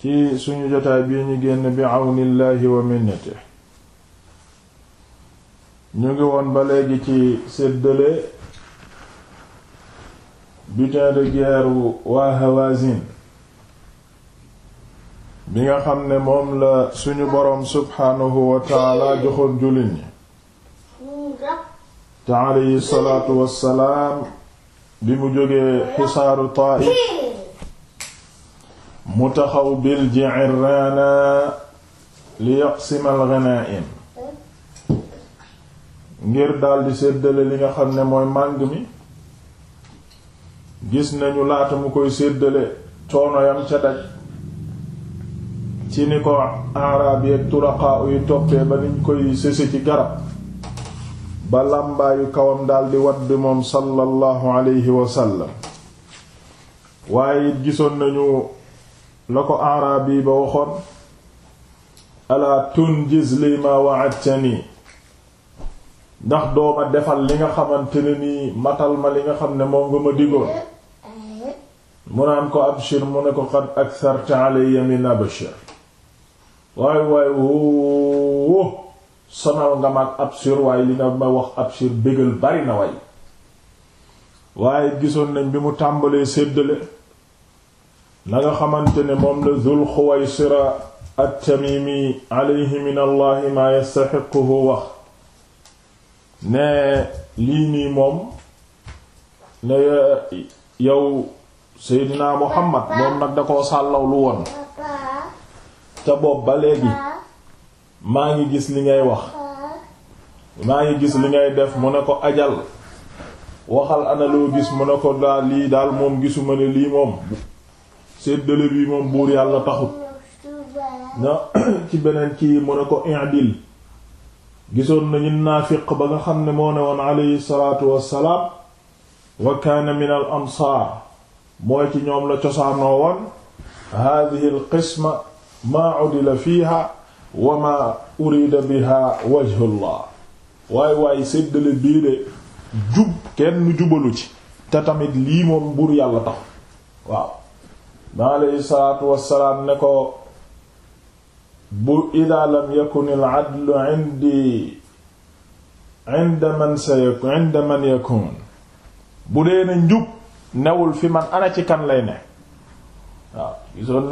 ci suñu jotaay bii ñu génn bi àwnillaahi wa minnati ñu ngi woon ba léegi ci séddale butin de guerre waa Hawazin bi nga xam ne moom la suñu boroom subhaanahu wa taala joxoon jullit ñi te aleyhi salaatu wassalaam bi mu jógee xisaaru Taa'if mu taxaw bil ji'irana li yaqsim al ghanaim ngir daldi séddale li nga xam ne mooy màng mi gis nañu laata mu koy séddale coono yam ca daj ci ni ko arab yeek turaqaa yu toppee ba niñ koy sëse ci garab ba làmbaayu kawam daldi wadd moom sallallahu alayhi wa waaye it gisoon nañu la ko araab yi ba waxoon ala tunjiz li ma wa'adtani ndax dooma defal li nga xamante ne nii matal ma li nga xam ne moom nga ma digoon mu naan ko abshir mu ne ko qad aktharta alayya min abshir waay waay woo sonal nga mag abshir waaye li nga ma wax abshir bégal bari na way waaye gisoon nañ bi mu tàmbalee séddale la nga xamante ne moom la Zul Xuwaysira at-Tamimi alayhi min allahi maa yastaxiquhu wax ne lii nii moom ne yow Seydina Muhammad moom nag da koo sàllawlu woon te boob ba léegi maa ngi gis li ngay wax maa ngi gis li ngay def mu ne ko ajal waxal ana gis mu ne ko daal lii daal moom gisuma ne lii moom séddale bi moom buur yàlla taxut na ci beneen kii mu ne ko indil gisoon nañu naafiq ba nga xam ne moo ne woon aleyhi salaatu wassalaam wa kaana min al ansaar mooy ci ñoom la cosaanoo woon hadihi al qisma maa udila fiiha waay waay séddale bii jub kenn jubalu ci te tamit lii moom yàlla taxut waaw ba aleyhi salaatu wassalaam ne ko bu ida lam yakun al adlu indi newul fi ci kan lay ne waaw gisoon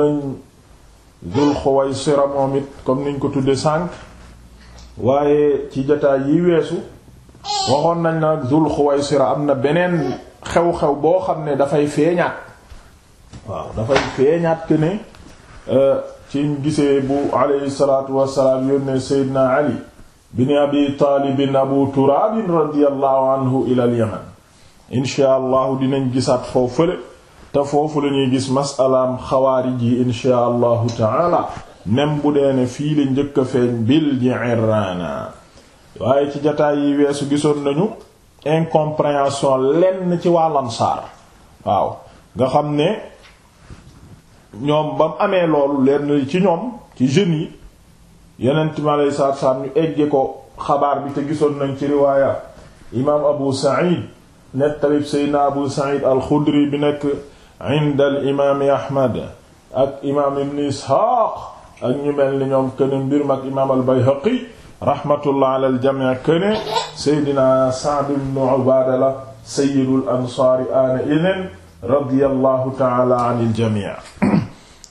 nañ ko tudde sànq waaye ci jataay yi weesu nañ la Zul Xuwaysira am na beneen xew-xew boo xam ne dafay feeñaat waaw dafay feeñaat que ne euh, ci gisee bu alayhi salaatu wassalaam yónnee Seydina Ali bin Abi Taalibin Abu Turaabin ila al-Yaman inchaa allahu dinañ gisaat foofu fële foofu la gis masalaam xawaarij yi inchaa allahu taala nem bu deene fii la njëkk feeñ bil Ji'irraana waaye ci jataay yi weesu gisoon nañu incompréhension lenn ci waa Ansaar waaw nga xam ne ñoom ba mu amee loolu leen ci ñoom ci jeunes yi yenent mi aleyhi salaatu salaam egge ko xabaar bi te gisoon nañ ci riwaaya imaam abu sa'id nettalib seydna abu sa'id alxudri bi nekk inda al imaami ahmad ak imaam ibn isxaaq ak ñu mel ni ñoom këne mbir mag imaam al bayhaqi rahmatullah ala al jamii këne seydna sa'd la sayyidul ansaari aana idin radiyallahu ta'ala anil jamii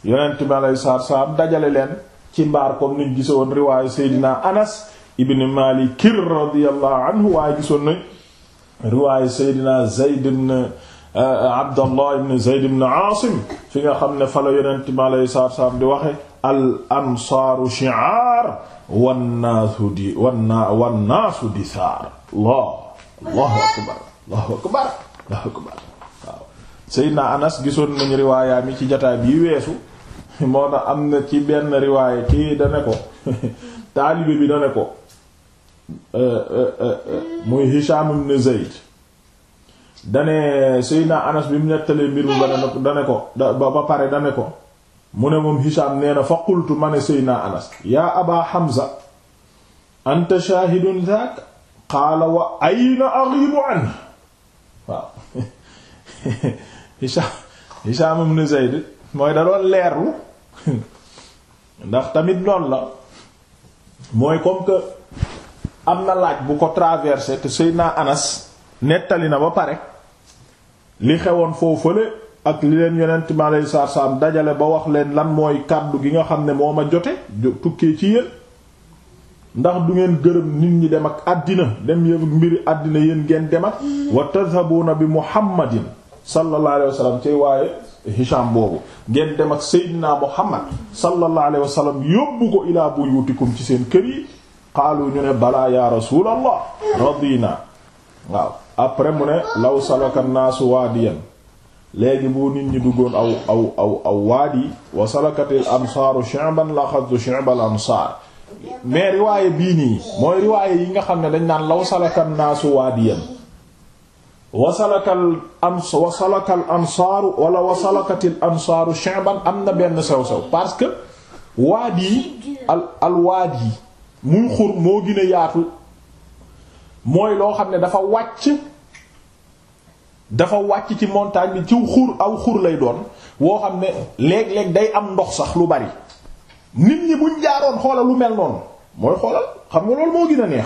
yonent bi aleyhi salaatu salaam dajale leen ci mbaar comme niñ gisoon riwaayu Seydina Anas ibn Malik radiyallahu anhu waaye gisoon nañ riwaayu Seydina Zayd ibn uh, Abdallah ibn Zayd ibn Aasim fi nga xam ne fa la yonent bi aleyhi salaatu salaam di waxe al ansaaru shi'aar wannaasu di wanna wannaasu di saar Allah Allahu akbar Allahu akbar Allahu akbar waaw Anas gisoon nañ riwaayaa mi ci jotaay bi weesu moo tax am na ci benn riwaay kii da ko taalibe bi da ko euh, euh, euh, muy Hisham ibn Zayd dane Seydina Anas bi mu nettalee mbir mi ba dane ko ba pare dane ko mu ne moom Hisham nee fa qultu ma ne Seydina Anas yaa Aba Hamza anta shaahidun zaak qaala wa ayna aghibu an waaw Hisham Hisham ibn Zayd mooy da doon leerlu ndax tamit lool la mooy comme que am na laaj bu ko traversé te Seydina Anas nettali na ba pare li xewoon foofu fële ak li leen yonent mi aleyhi dajale ba wax leen lan mooy kàddu gi nga xam ne moo ma jote tukkee ci yéen ndax du ngeen gërëm nit ñi dem ak àddina dem yëf mbiri àddina yéen ngeen dem ak wa tadhabuna bi Muhammadin sallallahu alayhi wa ci waaye Hisham boobu ngeen dem ak Seydina Muhammad sallallahu alayhi wa yóbbu ko ilaa buyutikum ci seen kër yi xaalu ñu ne balaa ya rasulallah radina waaw après mu ne law salaka naasu waadiyan léegi bu nit ñi duggoon aw aw aw aw waadi wa salakatil ansaaru shi'ban la xaddu ansaar mais riwaaye bii nii mooy riwaaye yi nga xam ne dañ naan law salaka naasu waadiyan wasalakal am wasalakal ansaaru wala wasalakatil ansaaru sha'ban am na benn sew sew parce que waadi al al waadi muy xur moo gën yaatu mooy loo xam ne dafa wàcc dafa wàcc ci montagne bi ci xur aw xur lay doon woo xam ne léeg-léeg day am ndox sax lu bari nit ñi buñ jaaroon xoolal lu mel noonu mooy xoolal xam nga loolu moo gën a neex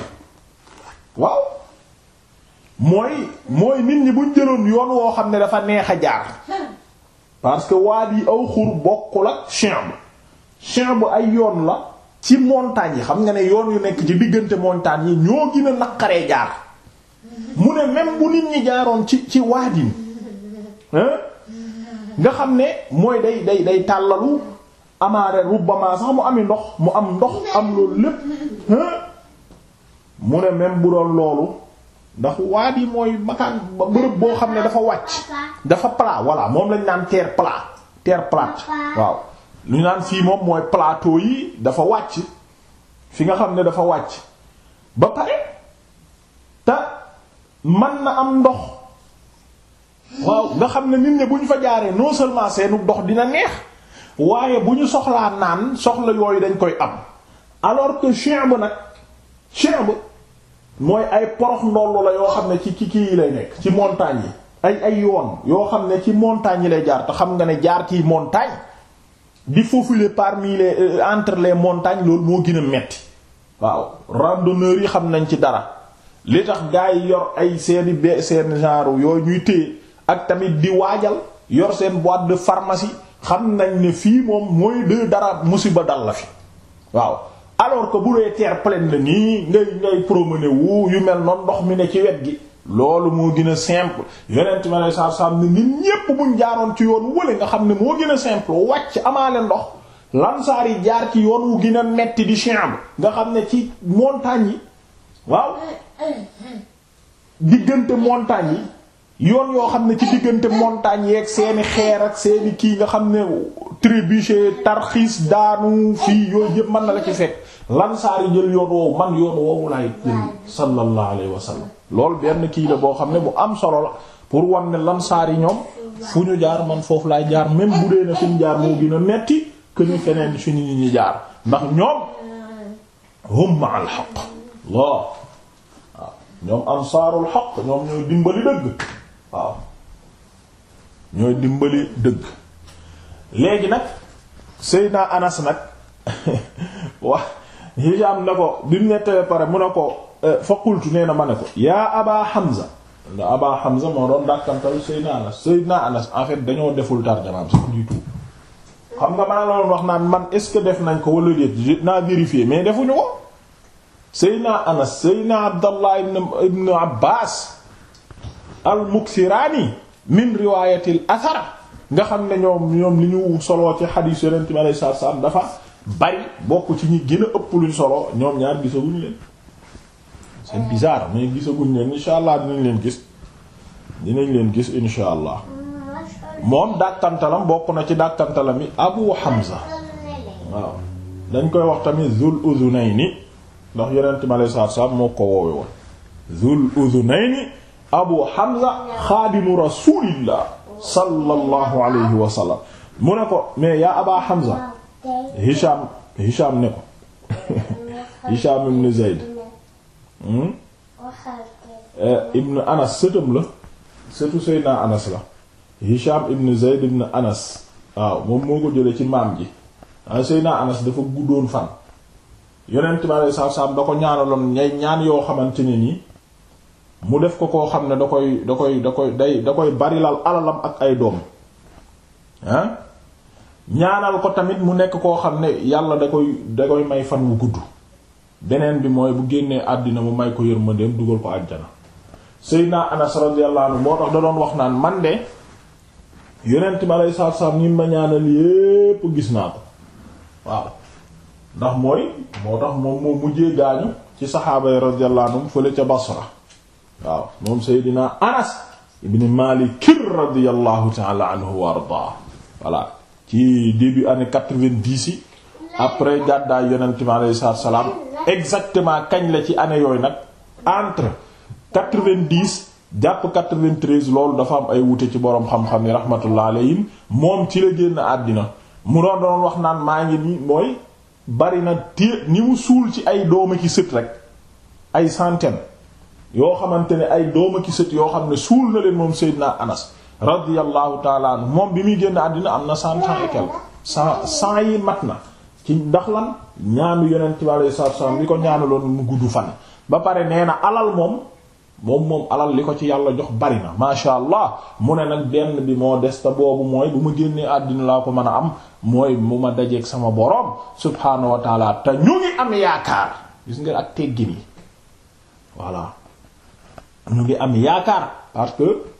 waaw. mooy mooy nit ñi buñ jëloon yoon woo xam ne dafa neex a jaar parce que yi aw xur bokkul ak chimb bu ay yoon la ci montagnes yi xam nga ne yoon yu nekk ci diggante montagnes yi ñoo gën a naqaree jaar mu ne même bu nit ñi jaaroon ci ci waadin nga xam ne mooy day day day tàllalu amaare rubbama sax mu ami ndox mu am ndox am loolu lépp mu ne même bu doon loolu ndax waadi mooy makaan bërëb boo xam ne dafa wàcc dafa plat voilà moom lañ naan terre plat terre plate waaw ñu naan fii moom mooy plateau yi dafa wàcc fi nga xam ne dafa wàcc ba pare te man na am ndox waaw nga xam ne nit ñi bu ñu fa jaaree non seulement seenu ndox dina neex waaye bu ñu soxlaa naan soxla yooyu dañ koy am alors que chien bu nag chien bu mooy ay porox ndollu la yoo xam ne ci kii yi lay nekk ci montagne yi ay ay yoon yoo xam ne ci montagne yi lay jaar te xam nga ne jaar ci montagne di faufiler parmi les euh, entre les montagnes loolu moo gën a metti waaw randonneurs yi xam nañ ci dara li tax gaa yi yor ay seeni be seen genre yooyu ñuy téye ak tamit di waajal yor seen boîte de pharmacie xam nañ ne fii moom mooy de dara musiba dal la fi waaw alors que bu dee terre pleine la nii ngay ngay promener wu yu mel noonu ndox mi ne ci wet gi loolu moo gën a simple yeneen ci ma sar sam ne nit ñépp buñ jaaroon ci yoon wële nga xam ne moo gën a simple wàcc amaale ndox lansaar yi jaar ci yoon wu gën a metti di chambre nga xam ne ci montagne yi waaw diggante montagne yi yoon yoo xam ne ci diggante montagne yeeg seeni xeer ak seeni kii nga xam ne trébuché tarxiis daanu fii yooyu yëpp mën na la ci fekk lansaar yi jël yoon woowu man yoon woowu laay jël sallallahu alayhi wa sallam benn kii la boo xam ne bu am solo la pour wan ne lansaar yi ñoom fu ñu jaar man foofu laay jaar même bu dee ne fi ñu jaar moo gën a metti feneen suñu ñi ñu jaar ndax ñoom hum ma al xaq waaw ñoom dimbali dëgg waaw Anas nag wax Hicham ne ko bi mu nettalee pare mu ne ko eh, fa qultu nee na ma ne ko yaa Aba Hamza ndax Aba Hamza moo doon dàkkantal Seydina Anas Seydina Anas en dañoo deful tarjamaam sax du tout xam nga ma la doon wax naan man est def nañ ko wala déet naa vérifier mais defuñu ko Seydina Anas Seydina Abdallah ibn ibn Abbas al-Muksirani min riwaayatil athar nga xam ne ñoom ñoom li ñu soloo ci xadiis Yonent bi sallallahu dafa bari bokk ci ñi gën a ëpp luñ solo ñoom ñaar gisaguñ leen c'est bizarre mais gisaguñ leen insha allah dinañ leen gis dinañ leen gis insha allah moom dàkkantalam bokk na ci dàkkantalam yi Abu Hamza waaw dañ koy wax tamit Zul Uzunayni ndox yonent mi alayhi salaatu salaam moo ko woowe woon Zul Uzunayni Abu Hamza xaadimu rasulillah sallallahu alayhi wa mu ne ko mais yaa Aba Hamza Hisham Hisham ne ko Hisham ibn Zayd hmm? eh, ibn Anas sëtam la sëtu Seydina Anas la Hisham ibn Zayd ibn Anas waaw moom moo ko jëlee ci maam ji ah Seydina Anas dafa guddoon fan yonent bi aleyhi salaatu salaam da ko ñaanaloon ñay ñaan yoo xamante ne nii mu def ko koo xam ne da koy da koy da koy day da koy bari barilal alalam ak ay doom ah ñaanal ko tamit mu nekk koo xam ne yàlla da koy da koy may fan wu gudd beneen bi mooy bu génnee àddina mu may ko yërmandeem dugal ko àjjana Seydina Anas radiyallahu anhu moo tax da doon wax naan man de yonent bi aleyhi salaatu salaam ni ma ñaanal gis naa ko waaw ci saxaaba yi radiyallahu anhum fële ca Basra waaw moom Seydina Anas ibn Maalik radiyallahu ta'ala anhu wa ardaa voilà ci début année quatre-vingt-dix yi après gàddaay yonent bi alayhi salaatu salaam exactement kañ la ci année yooyu nag entre quatre-vingt-dix jàpp quatre-vingt-treize loolu dafa am ay wute ci boroom xam-xam yi rahmatullah alayhim moom ci la génn àddina mu doon doon wax naan maa ngi nii mooy bari na té ni suul ci ay dooma ki sët rek ay centaine yoo xamante ne ay dooma ki sët yoo xam ne suul na leen moom Seydina Anas radiyallahu taala anhu moom bi muy génn àddina am na cent cent et quelque cent yi mat na ci ndax lan ñaanu yeneen ci alayhi salaatu wasallam li ko ñaanaloon mu gudd fan ba pare nee na alal moom moom moom alal li ko ci yàlla jox bari na masha allah mu ne nag benn bi moo des ta boobu mooy bu ma génnee àddina laa ko mën a am mooy mu ma dajeeg sama boroom subhaanahu wa te ñu ngi am yaakaar gis nga ak teggin yi voilà ñu ngi am yaakaar parce que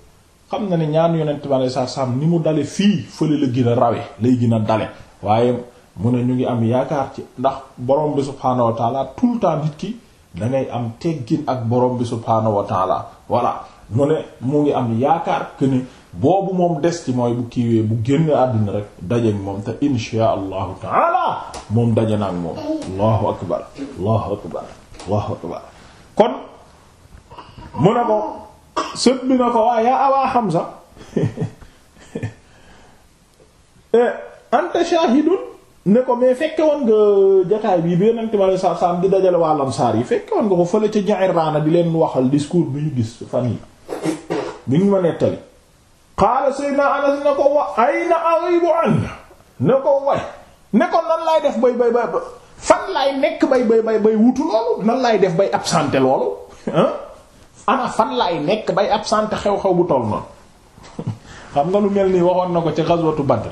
xam na ne ñaanu yonent bi alei satu salaam ni mu dale fii fële la gën a rawe lay gën a dale waaye mu ne ñu ngi am yaakaar ci ndax borom bi subhaanahu wa taala tout le temps ki da am teggin ak borom bi subhaanahu wa taala mu ne mu ngi am yaakaar que ne boobu moom des ci mooy bu kiiwee bu génn àddina rek daje moom te insha allahu taala moom daje na ak moom allahu akbar allahu akbar allahu akbar kon mu ne ko sët bi na ko waaye yaa Abaa Hamza eh, anta shahidun ne ko mais fekke woon nga jataay bi bi yonent mi alayhi salaatu salaam di dajale waa Ansaar yi fekke woon nga ko fële ca Ji'irraana di leen waxal discours bi ñu gis fan yi bi ñu ma nettali qaala sayyidina Anas ne ko wa ayna aghibu an ne ko way ne ko nan laay def bay bay bay fan laay nekk bay bay bay bay wutu loolu nan laay def bay absenté loolu ah ana fan laay nekk bay absente xew-xew bu toll noonu xam nga lu mel nii waxoon na ko ci ghazwatu Badr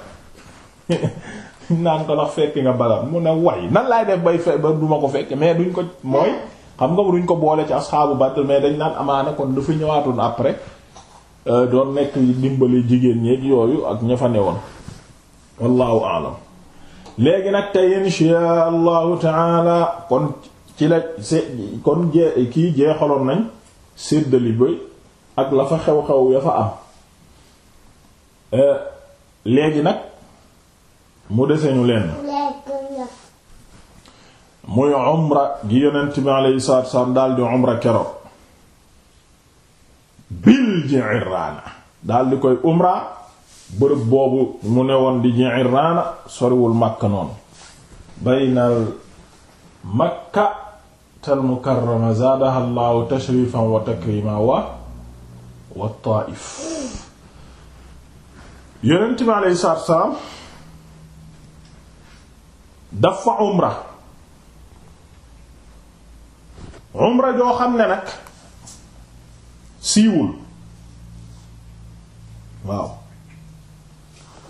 naan ko ndax fekki nga Badr mu ne way nan laay def bay fe ba du ma ko fekk mais duñ ko mooy xam nga duñ ko boole ci asxaabu Badr mais dañ naan amaana kon fi ñëwaatu après euh, doon nekk dimbali jigéen ñeeg yooyu ak ña woon newoon wallahu léegi nag te insha allahu taala kon ci la kon jee kii jeexaloon nañ séddali bëy ak la fa xew-xew ya fa am euh, léegi nag mu deseñu leen muy umra gi yonent bi alayhi salaatu wassalaam daldi umra keroog bil Ji'irraana daldi koy umra bërëb boobu mu ne woon di Ji'irraana soriwul Makka noonu baynal Makka makkatal mukarrama zaadaha allahu tashrifan wa takrima wa wa taif yonent bi aleyhi salaatu wa salaam dafa umra umra joo xam ne nag siiwul waaw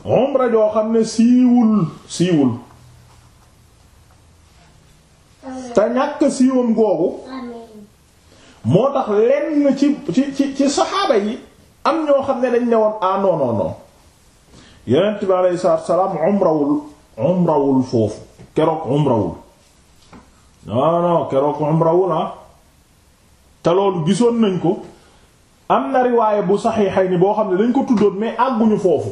umra joo xam ne siiwul siiwul te ñàkk siiwam googu moo tax lenn ci ci ci saxaaba yi am ñoo xam ne dañ ne woon ah non non non yonent salaam umrawul umrawul foofu keroog umrawul non keroog umrawul ah. te loolu gisoon nañ ko am na riwaaye bu saxiixay ni boo xam ne dañ ko tuddoon mais àgguñu foofu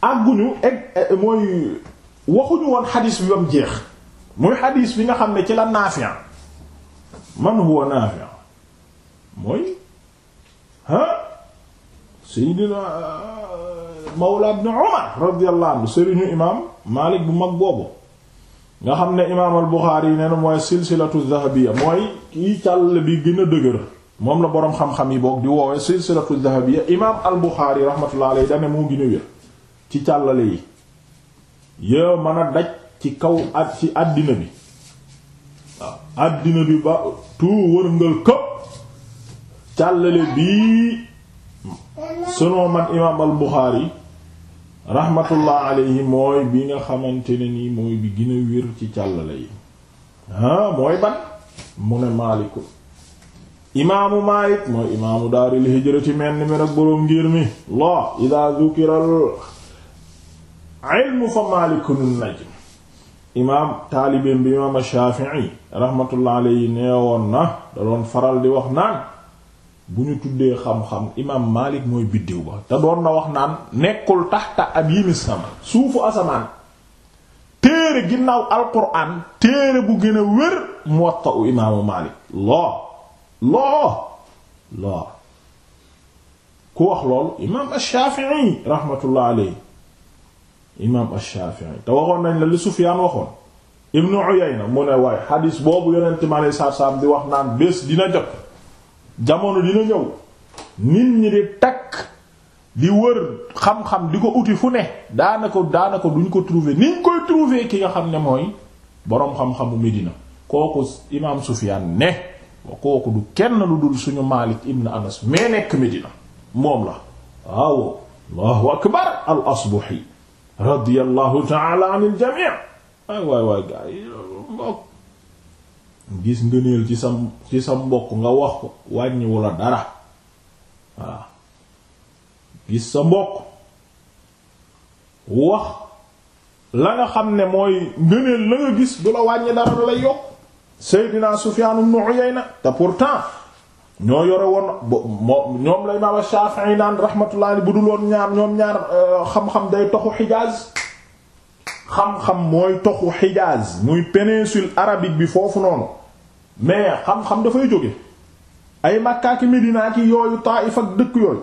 àgguñu egg eh, mooy waxuñu woon xadiis bi ba mu jeex. muy xadiis bi nga xam ne ci la Naafi' man huwa Naafi' mooy ah Seydina euh, Mawla ibn Umar radiyallahu anhu sëriñu imaam Maalik bu mag boobu nga xam ne imaam al-Buxaari yi nee na mooy silsilatu dhahabiyya mooy kii càll bi gën a dëgër moom la boroom xam-xam yi book di woowee silsilatu dhahabiyya imaam al-Buxaari rahmatullahi alayhi moo gën a wér ci càllale yi yë mën a daj ci kaw at ci àddina bi waaw àddina bi ba tout wërngal këpp càllale bii sunoo man imaam al Buxaari rahmatullah alayhi mooy bi nga xamante ne nii mooy bi gën a wér ci càllale yi mooy ban mu ne maaliku imaamu maalik mooy imaamu daaril hijrati mel ni mi rek boroom ngir mi la ida zukiral ilmu fa maalikun najm imaam taalibeen bi imaam Shaafi'i rahmatullah alayhi nee woon na da doon faral di wax naan bu ñu tuddee xam-xam imaam Maalik mooy biddiw ba te doon na wax naan nekkul taxta amiimi sama suufu asamaan téere ginnaaw alquraan téere bu gën a wér Muwatta u imaamu Maalik loo loo loo ku wax lool imaam Shaafi'i rahmatullah alayhi imaam ash-Shafi'i te waxoon nañ la lu Sufyaan waxoon ibnu Uyayna mu ne waaye boobu yonent mi alayhi salaatu salaam di wax naan dina jot jamono dina ñëw takk di wër di ko uti fu ne daanaka daanaka duñ ko trouver ni ñu koy ki nga xam ne mooy boroom xam-xamu Medina kooku imaam Sufyaan ne kooku du suñu Maalik ibn Anas mais nekk Medina moom la waaw Allahu akbar al-Asbahi radiyallahu taala anil jami' waay waay waay gaa yi mbokk gis ngëneel ci sa ci sa mbokk nga wax ko wàññiwu la dara waaw gis sa mbokk wax la nga xam ne mooy ngëneel la nga gis du la wàññi dara du yokk Seydina Sufyan ibn Uyayna te pourtant ñoo yore woon moom ñoom la imaam Shafi'i naan rahmatullahi bu dul woon ñaar ñoom ñaar euh, xam-xam day toxu Hijaz xam-xam mooy toxu Hijaz muy péninsule arabique bi foofu noonu mais xam-xam dafay jóge ay Makka ki Medina yooyu Taif ak dëkk yooyu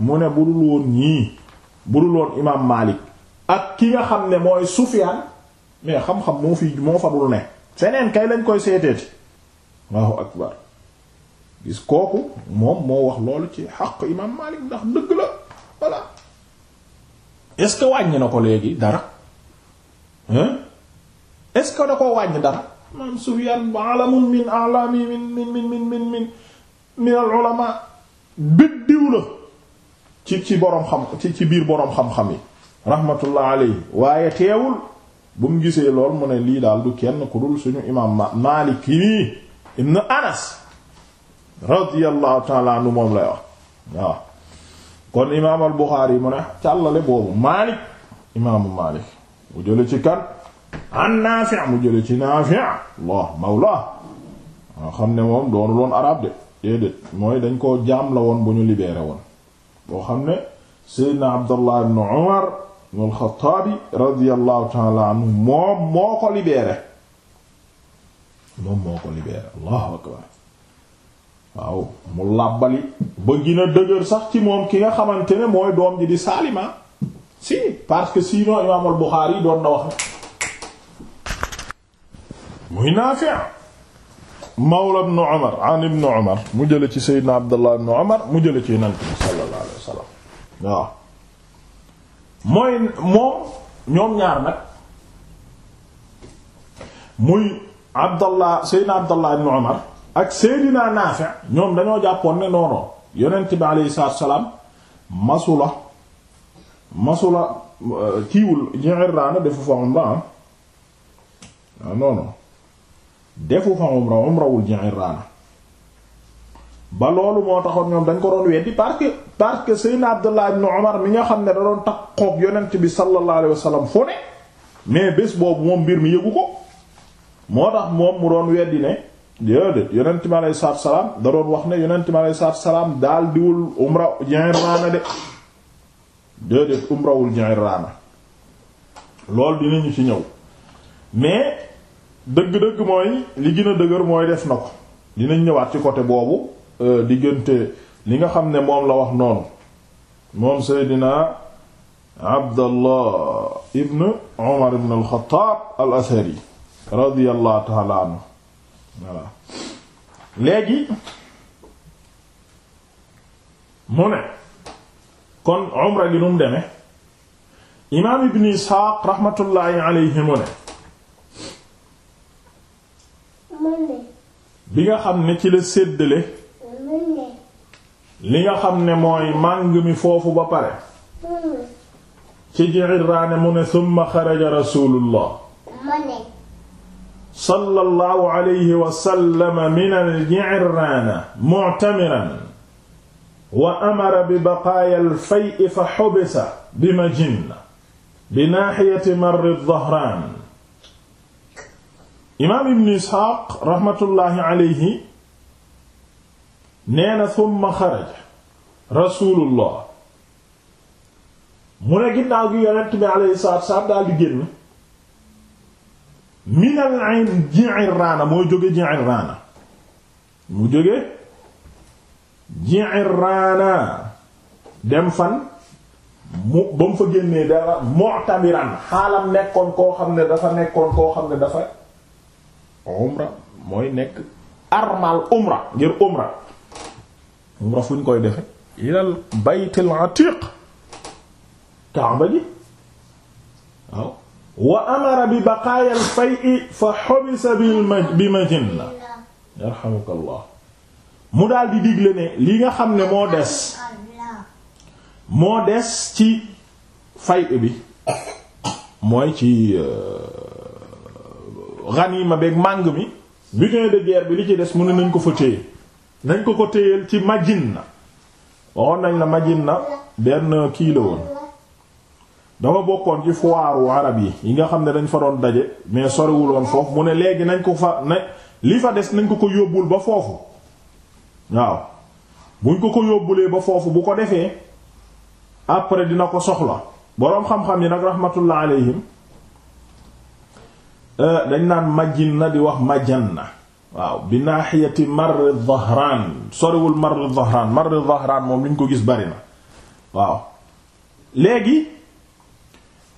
mu ne bu dul woon ñii bu dul woon imaam Malik ak ki nga xam ne mooy Sufyan mais xam-xam moo fi moo fa dul ne feneen kay lañ koy seeteeti Allahu akbar gis kooku moom moo wax loolu ci xaq imam Malik ndax dëgg la voilà est-ce wàññi na ko léegi dara hein est-ce que da ko wàññ dara imam Sufyan alamun min alami min min min min min min min al ulama biddiw la ci ci boroom xam ci ci biir boroom xam-xam yi rahmatullah alayhi waaye teewul bu mu gisee lool mu ne lii daal du kenn ku dul suñu imam Malik yi ibn Anas radiyallahu taala anhu moom lay wax waaw kon imaam al mu ne càllale boobu Maalik imaamu Maalik mu jële ci kan an Naafi' mu jële ci Naafi' Allah mawla nga xam ne moom doonu loon arab de déedéet mooy dañ koo jaam la woon bu ñu libéré woon boo xam ne Seydina Abdallah ibn Umar ibn al radiyallahu taala anhu moom moo ko libéré moom moo ko libéré Allahu akbar waaw mu làbbali ba gina dëgër sax ci moom ki nga xamante ne mooy doom ji di Salima si parce que sinon imaam al Buxaari na wax muy Naafi' mawla ibn Umar an ibn Umar mu jële ci Seydina Abdullah ibn Umar mu jële ci Yonent bi sallallahu alayhi mooy moom ñoom ñaar nag muy Abdullah Seydina Abdullah ibn Umar ak Seydina Naafi ñoom dañoo jàppoon ne noonu yonent bi aleyhi salaatu salaam masula masula euh, kiiwul Ji'irraana defu fa noonu ah, ah non defu fa umra umrawul ba loolu moo taxoon dañ ko doon weddi parce que parce que Seydina Abdullah ibn Umar mi nga xam ne da doon takkoog yonent bi sallallahu alayhi wa fu ne mais bés boobu moom mbir mi yëgu ko moo tax moom mu doon weddi ne. déedéet yonent mi aleyhi salaatu wa salaam da doon wax ne yonent mi aleyhi salaatu salaam daal diwul umra Ji'irraana de déedéet umrawul Ji'irraana loolu dinañu ci ñëw mais dëgg-dëgg mooy li gën dëgër mooy def na ko dinañ ñëwaat ci côté boobu euh, diggante li nga xam ne moom la wax noonu moom Seydina Abdallah ibn Umar ibn al-Khattab al-Athari radiyallahu ta'ala voilà léegi mu ne kon umra gi nu mu demee imaam ibn Isxaaq raxmatullaahi mu ne bi nga xam ne ci la séddale li nga xam ne mooy màng mi foofu ba pare ci Ji'irraana mu ne summa xaraja rasuulullah sallallahu alayhi wa sallam min al-Ji'irraana mu'tamiran wa amara bi baqaaya al-fay'i fa hubisa bi Majin bi naahiyati Marr ad-Dhahraan. imaam Ibn Isxaaq rahmatullahi alayhi nee na summa xaraja rasuulullah mu ne ginnaaw gi yonent bi alayhi salaatu wa salaam daal di génn. minal ayn Ji'irraana moo jóge Ji'irraana mu jóge Ji'irraana dem fan mu ba mu fa génnee dara mu'tamiran xaalam nekkoon koo xam ne dafa nekkoon koo xam ne dafa umra mooy nekk armal umra ngir umra umra fu ñu koy defe ilal baytil atiq kaaba ji waaw wa amara bi baqaaya al-fay'i fa xobisa bi Majinna yarhamukallah mu daldi di digle ne li nga xam ne moo des moo des ci fay bi mooy ci euh, ganiima beeg màng mi butin de guerre bi li ci des mu ne nañ ko fa téye nañ ko ko téyeel ci Majinna waxoon nañ la na benn kii la woon dafa bokkoon ci foiru arab yi yi nga xam ne dañ fa doon daje mais soriwuloon foofu mu ne léegi nañ ko fa na li fa des nañ ko ko yóbbul ba foofu waaw buñ ko ko yóbbulee ba foofu bu ko defee après dina ko soxla boroom xam-xam yi nag rahmatullah alayhim euh, dañ naan majjin na di wax majjan na waaw bi naaxiyati marri dhahraan soriwul marri dhahraan marri dhahraan moom liñ ko gis bari na waaw léegi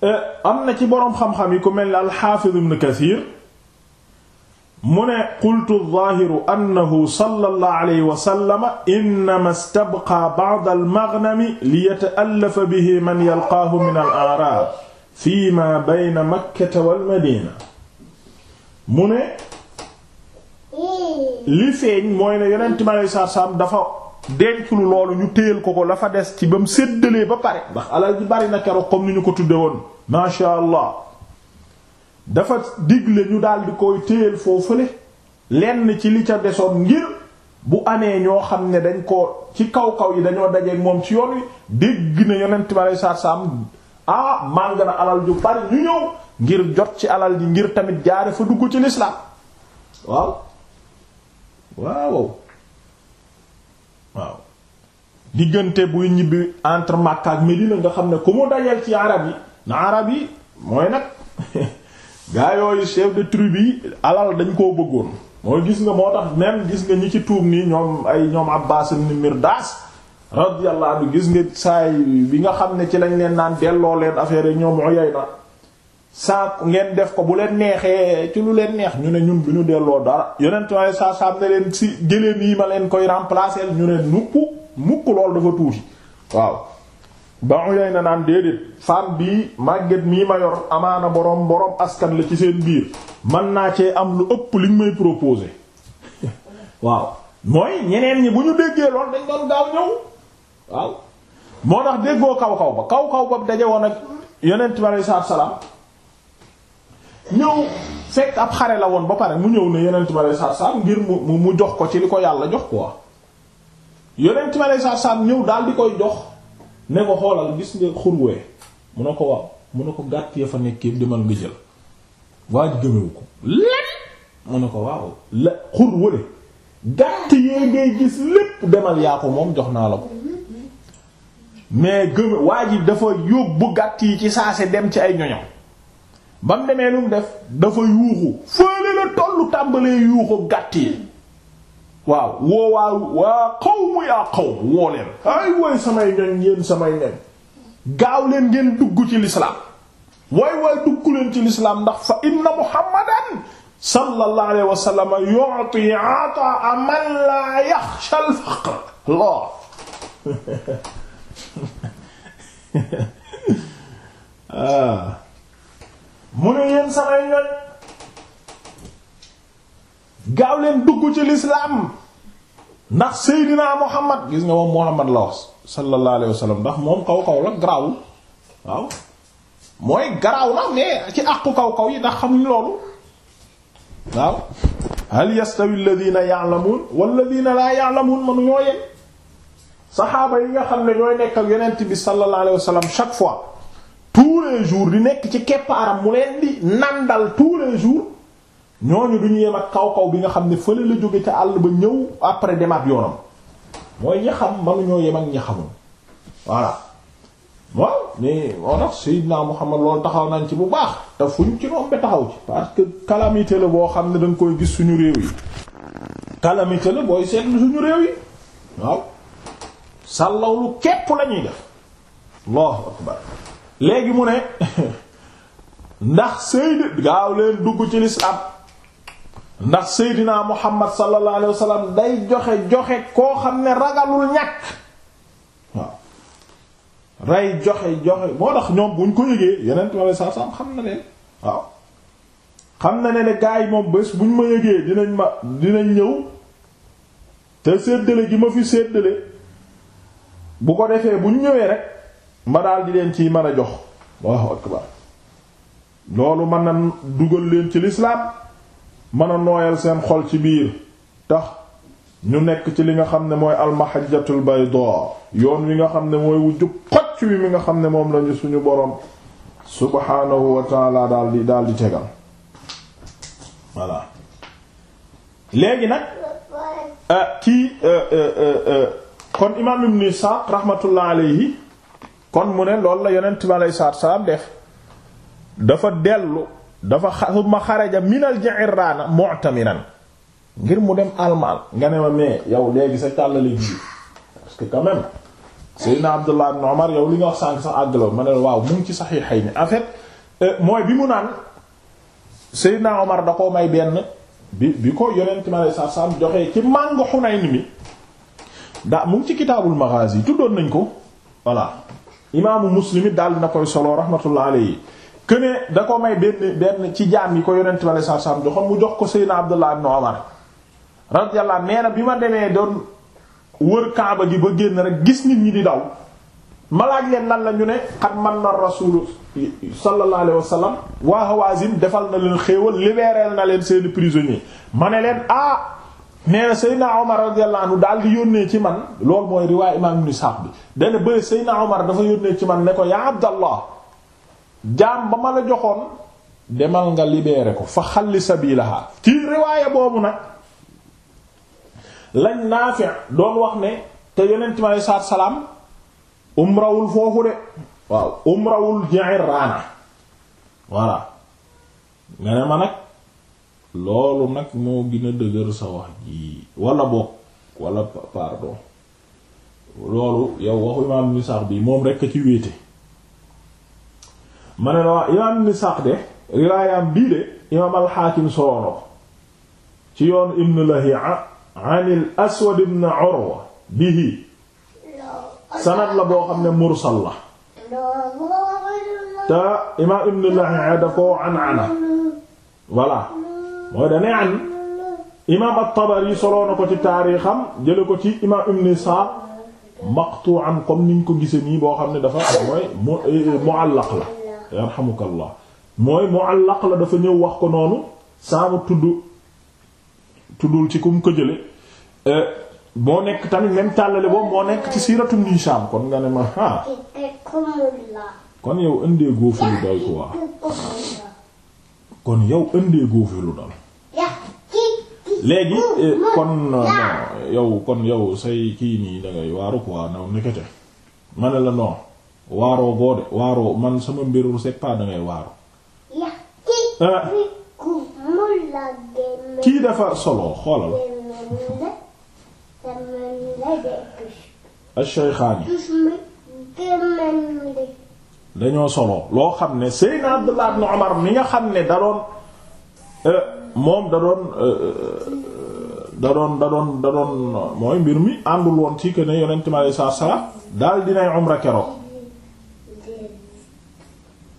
Eh, am na ci boroom xam-xam yi ku mel ni alxaafiz ibn kathir mu ne qultu zaahiru annahu sallallahu alayhi wa sallam innama stabqaa ba'd al-maghnami liyata'allafa bihi man yalqaahu min al-a'raab fiima bayna makkata wal-madiina mu ne mm. li feeñ mooy ne yonent mi alayhi salaam dafa denc loolu ñu téyel ko ko la des ci ba mu séddalee ba pare ndax alal ji bari na keroog comme ni ñu ko tudde woon masha allah dafa digle ñu daal di koy téyel foofule lenn ci li ca desoon ngir bu amee ñoo xam ne dañ ko ci kaw-kaw yi dañoo dajeeg moom ci yoon wi dégg na yonent bi alei satu salaam ah màng na alal ju bari ñu ñëw ngir jot ci alal ji ngir tamit jaare fa dugg ci lislaam waaw waaw waaw diggante buy ñibbi entre Makka ak Medina nga xam ne ku mu dajal ci arab yi na arab yi mooy nag gaa yooyu chef de tribu yi alal dañ koo bëggoon mooy gis nga moo tax même gis nga ñi ci tuub nii ñoom ay ñoom Abbaas ibn Mirdaas radiyallahu anhu gis nga saay bi nga xam ne ci lañ leen naan delloo leen affaire yi ñoom Uyayna saa ngeen def ko bu leen neexee ci lu leen neex ñu ne ñun bu ñu delloo dara yonent ma saa leen si gëléem yi ma leen koy remplacer ñu ne nukk mukk lool dafa tuuti waaw ba mu na naan déedéet femme bii màgget mii ma amaana boroom boroom askan la ci seen biir man naa cee am lu ëpp liñ may proposer waaw mooy ñeneen bu ñu déggee lool tax déggoo kaw kaw ba kaw kaw ba daje woon salaam ñëw fekk ab xare la woon ba pare mu ñëw ne yonent bi alayhi salaatu salaam ngir mu mu jox ko ci li ko yàlla jox ko yonent bi alayhi salaatu salaam ñëw daal di koy jox ne ko xoolal gis nga xurwee mu ne ko waaw mu ne ko gàtt ya fa nekk yëpp demal nga jël waa ji ne ko waaw la xurwale gàtt yee ngay gis lépp demal yaa ko moom jox naa la ko mais gëme waa ji dafa yóbbu gàtt yi ci saase dem ci ay ñoñam ba mu demee lu mu def dafa yuuxu fële la tollu tàmbalee yuuxu gàtt yi waaw woowaa waa qawmu yaa qawm woo leen ay woy samay ñoñ yéen samay ñoñ gaaw leen ngeen dugg ci lislaam waay waay dugg leen ci lislaam ndax fa inna muhammadan sallallahu alayhi wa sallam yu'ti ata man la yaxsha al loo mu ne yéen samay ñoñ gaaw leen dugg ci lislaam ndax Seydina Muhammad gis nga moom Muhammad la wax sallallahu alayhi wa sallam moom kaw la garaawul waaw mooy garaaw la mais ci àqu kaw kaw yi ndax xamuñ loolu waaw hal yastawi alladhina ya'lamun walladhina la ya'lamun manu ñoo yem saxaaba yi nga xam ne ñooy nekk ak yonent bi sallallahu alayhi wa sallam fois tous les jours di nekk ci keppaaram mu leen di nandal tous les jours ñooñu du ñu yem ak kaw kaw bi nga xam ne fële la jóge ca àll ba ñëw après demaat yoonam mooy ñi xam manu ñoo yem ak ñi xamul voilà waaw mais moo tax Seydina Muhammad loolu taxaw nañ ci bu baax te fuñ ci rombe taxaw ci parce que calamité la boo xam ne dañ koy gis suñu réew yi calamité la booy seetlu suñu réew yi waaw sàllawlu képp la def Allahu akbar léegi mu ne ndax Seydou gaaw leen dugg ci lislaam ndax Seydina Muhammad sallallahu alayhi wa sallam day joxe joxe koo xam ne ragalul ñàkk waaw rey joxe joxe moo tax ñoom buñ ko yëgee yeneen wala saa saa xam na ne waaw xam na ne ne gars yi moom bés buñ ma yëgee dinañ ma dinañ ñëw te séddale gi ma fi séddale bu ko defee ñu ñëwee rek. ma daal di leen ci mën a jox loolu mën na dugal leen ci lislaam mën a nooyal seen xol ci biir tax ñu nekk ci li nga xam ne mooy almahajjatul bayda yoon wi nga xam ne mooy wujju xocc wi mi nga xam ne moom lañu suñu boroom subhaanahu wa taala daal di daal di tegal voilà léegi nag eh, kii eh, eh, kon imaam ibn Isaaq rahmatullah alayhi kon mu ne loolu la yonent bi alayhi salaatu salaam def dafa dellu dafa summa xaraja minal Ji'irraana mu'tamiran ngir mu dem almaal nga ne ma mais yow léegi sa càllale ji parce que quand même Seydina Abdullah ibn Umar yow li nga wax sànk sax àgglaw ma ne waaw mu ngi ci Sahihayni en fait euh, mooy bi mu naan Seydina Omar da koo may benn bi bi ko yonent bi alayhi salaatu salaam joxee ci màngo Hunayn mi daa mu ngi ci kitaabul Maghaazi tuddoon nañ ko voilà imaamu muslim it daal dina koy solo rahmatullah alayhi këne da ko may benn benn ci jaan yi ko yonent bale saa saam joxoon mu jox ko Seydina Abdullah ibn Umar radiyallahu nee na bi ma demee doon wër kaaba gi ba génn rek gis nit ñi di daw ma laaj leen lan la ñu ne xat man na rasuul sallallahu alayhi wa sallam waa Hawazin defal na leen xéewal libéral na leen seeni prisonniers ma ne leen ah nee na Seydina Omar radiyallahu anhu daal di yónnee ci man loolu mooy riwaay imaam Ibn Sa'd bi dana bëri Seydina Omar dafa yónnee ci man ne ko yaa Abdallah jaam ba ma la joxoon demal nga libéré ko fa xalli sabilaha ci riwaaya boobu nag lañ Naafi' doon wax ne te Yonent mi alayhi salaam umrawul foofu de waaw umrawul Ji'irraana voilà nga ne ma nag loolu nag moo gën a dëgër sa wax ji wala bokk wala pardon loolu yow waxu imaam ibn Isaaq bi moom rekk a ci wéete ma ne la wax imaam ibn de riwaayam bii de imaam al-Haakim solono ci yoon ibn Lahi'a an al-Aswad ibn bihi sanad la boo xam ne mursal la te imaam ibn Lahi'a da ko an ana voilà mooy dane an imaam at-Tabari soloo na ko ci taarixam jële ko ci imaam Ibn Ishaq am comme niñ ko gise nii boo xam ne dafa mooy eh, mu'allaq la yarhamukallah mooy mu'allaq la dafa ñëw wax ko noonu saamu tudd tuddul ci ku mu jële eh, boo nekk tamit même tàllale boobu moo nekk ci siiratu Ibn Hisham kon nga ne ma ah kon yow indee góofu lu dal quoi kon yow indee góofu lu dal léegi eh, kon eh, yow kon yow say kii nii dangay waaru quoi naw nekkete ma la non waaroo goo waaroo man sama mbiru c'est pas dangay waaru eh, kii dafa solo xoolal ash-Shaykhaani dañoo solo loo xam ne Seydina Abdullah ibn Umar mi nga xam ne da Eh, moom eh, eh, da doon da doon da doon mooy mbir mi àndul woon ci que ne yonent mi alayhi salaatu daal dinay umra keroog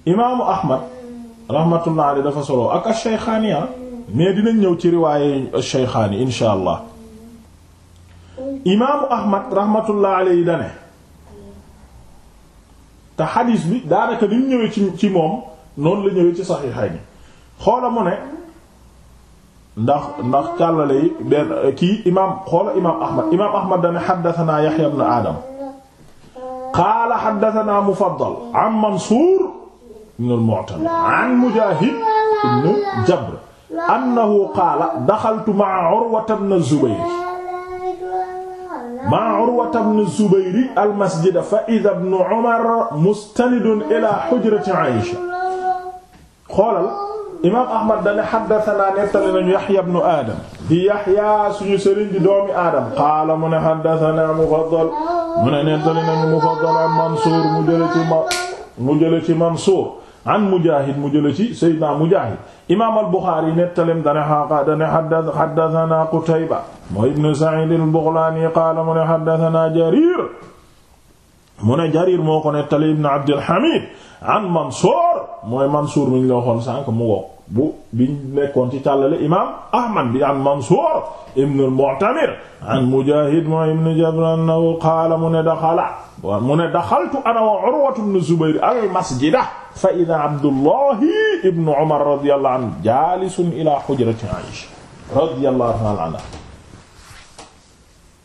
imaamu Ahmad rahmatullah alayhi dafa solo ak ash-Shaykhaani ah mais dinañ ñëw ci riwaaye ash-Shaykhaani insha allah imaamu Ahmad rahmatullah alayhi dane te xadiis bi daanaka ni mu ñëwee ci ci moom noonu la ñëwee ci saxiixayni xoola ne. ndax ndax càllale yi benn kii imaam xoola imaam ahmad imaam ahmad dane xaddatanaa yaxya ibn aadam qaala xaddatanaa mufaddal an mansuur ibn al-mu'tamir an mujaahid ibn jabr annahu qaala daxaltu ma'a urwata ibn zubayr ma'a urwata ibn zubayr al-masjida fa idha ibn umar mustanidun ila hujrati aisha xoolal imaam ahmad dane xaddatanaa nettali nañu yaxya bnu aadam di yaxya suñu sëriñ di doomi aadam qaala mu ne xaddatanaa mufaddal mu ne nettali nañu mufaddal an mansuur mu jële ci ma mu jële ci mansuur an mujaahid mu jële ci sayyidina mujaahid imaam al-buxaari nettalem dane xaqa dane xaddatanaa qutayba mooy ibnu sa'iid al-bughlaani qaala mu ne xaddatanaa jariir mu ne jarir moo ko nettali ibn abdilhamid an mansour mooy mansour mi ñu la waxoon sànk mu wokk bu bi nekkoon ci càllale imam ahmad bi an mansuur ibn al-mu'tamir an mujahid moo ibn jabr annahu qaala mu ne daxala mu ne daxaltu ana wa urwatu ibn zubayr al-masjida fa ida abdullahi ibn umar radiyallahu anhu jalisun ila hujrati aisha radiyallahu ta'ala anha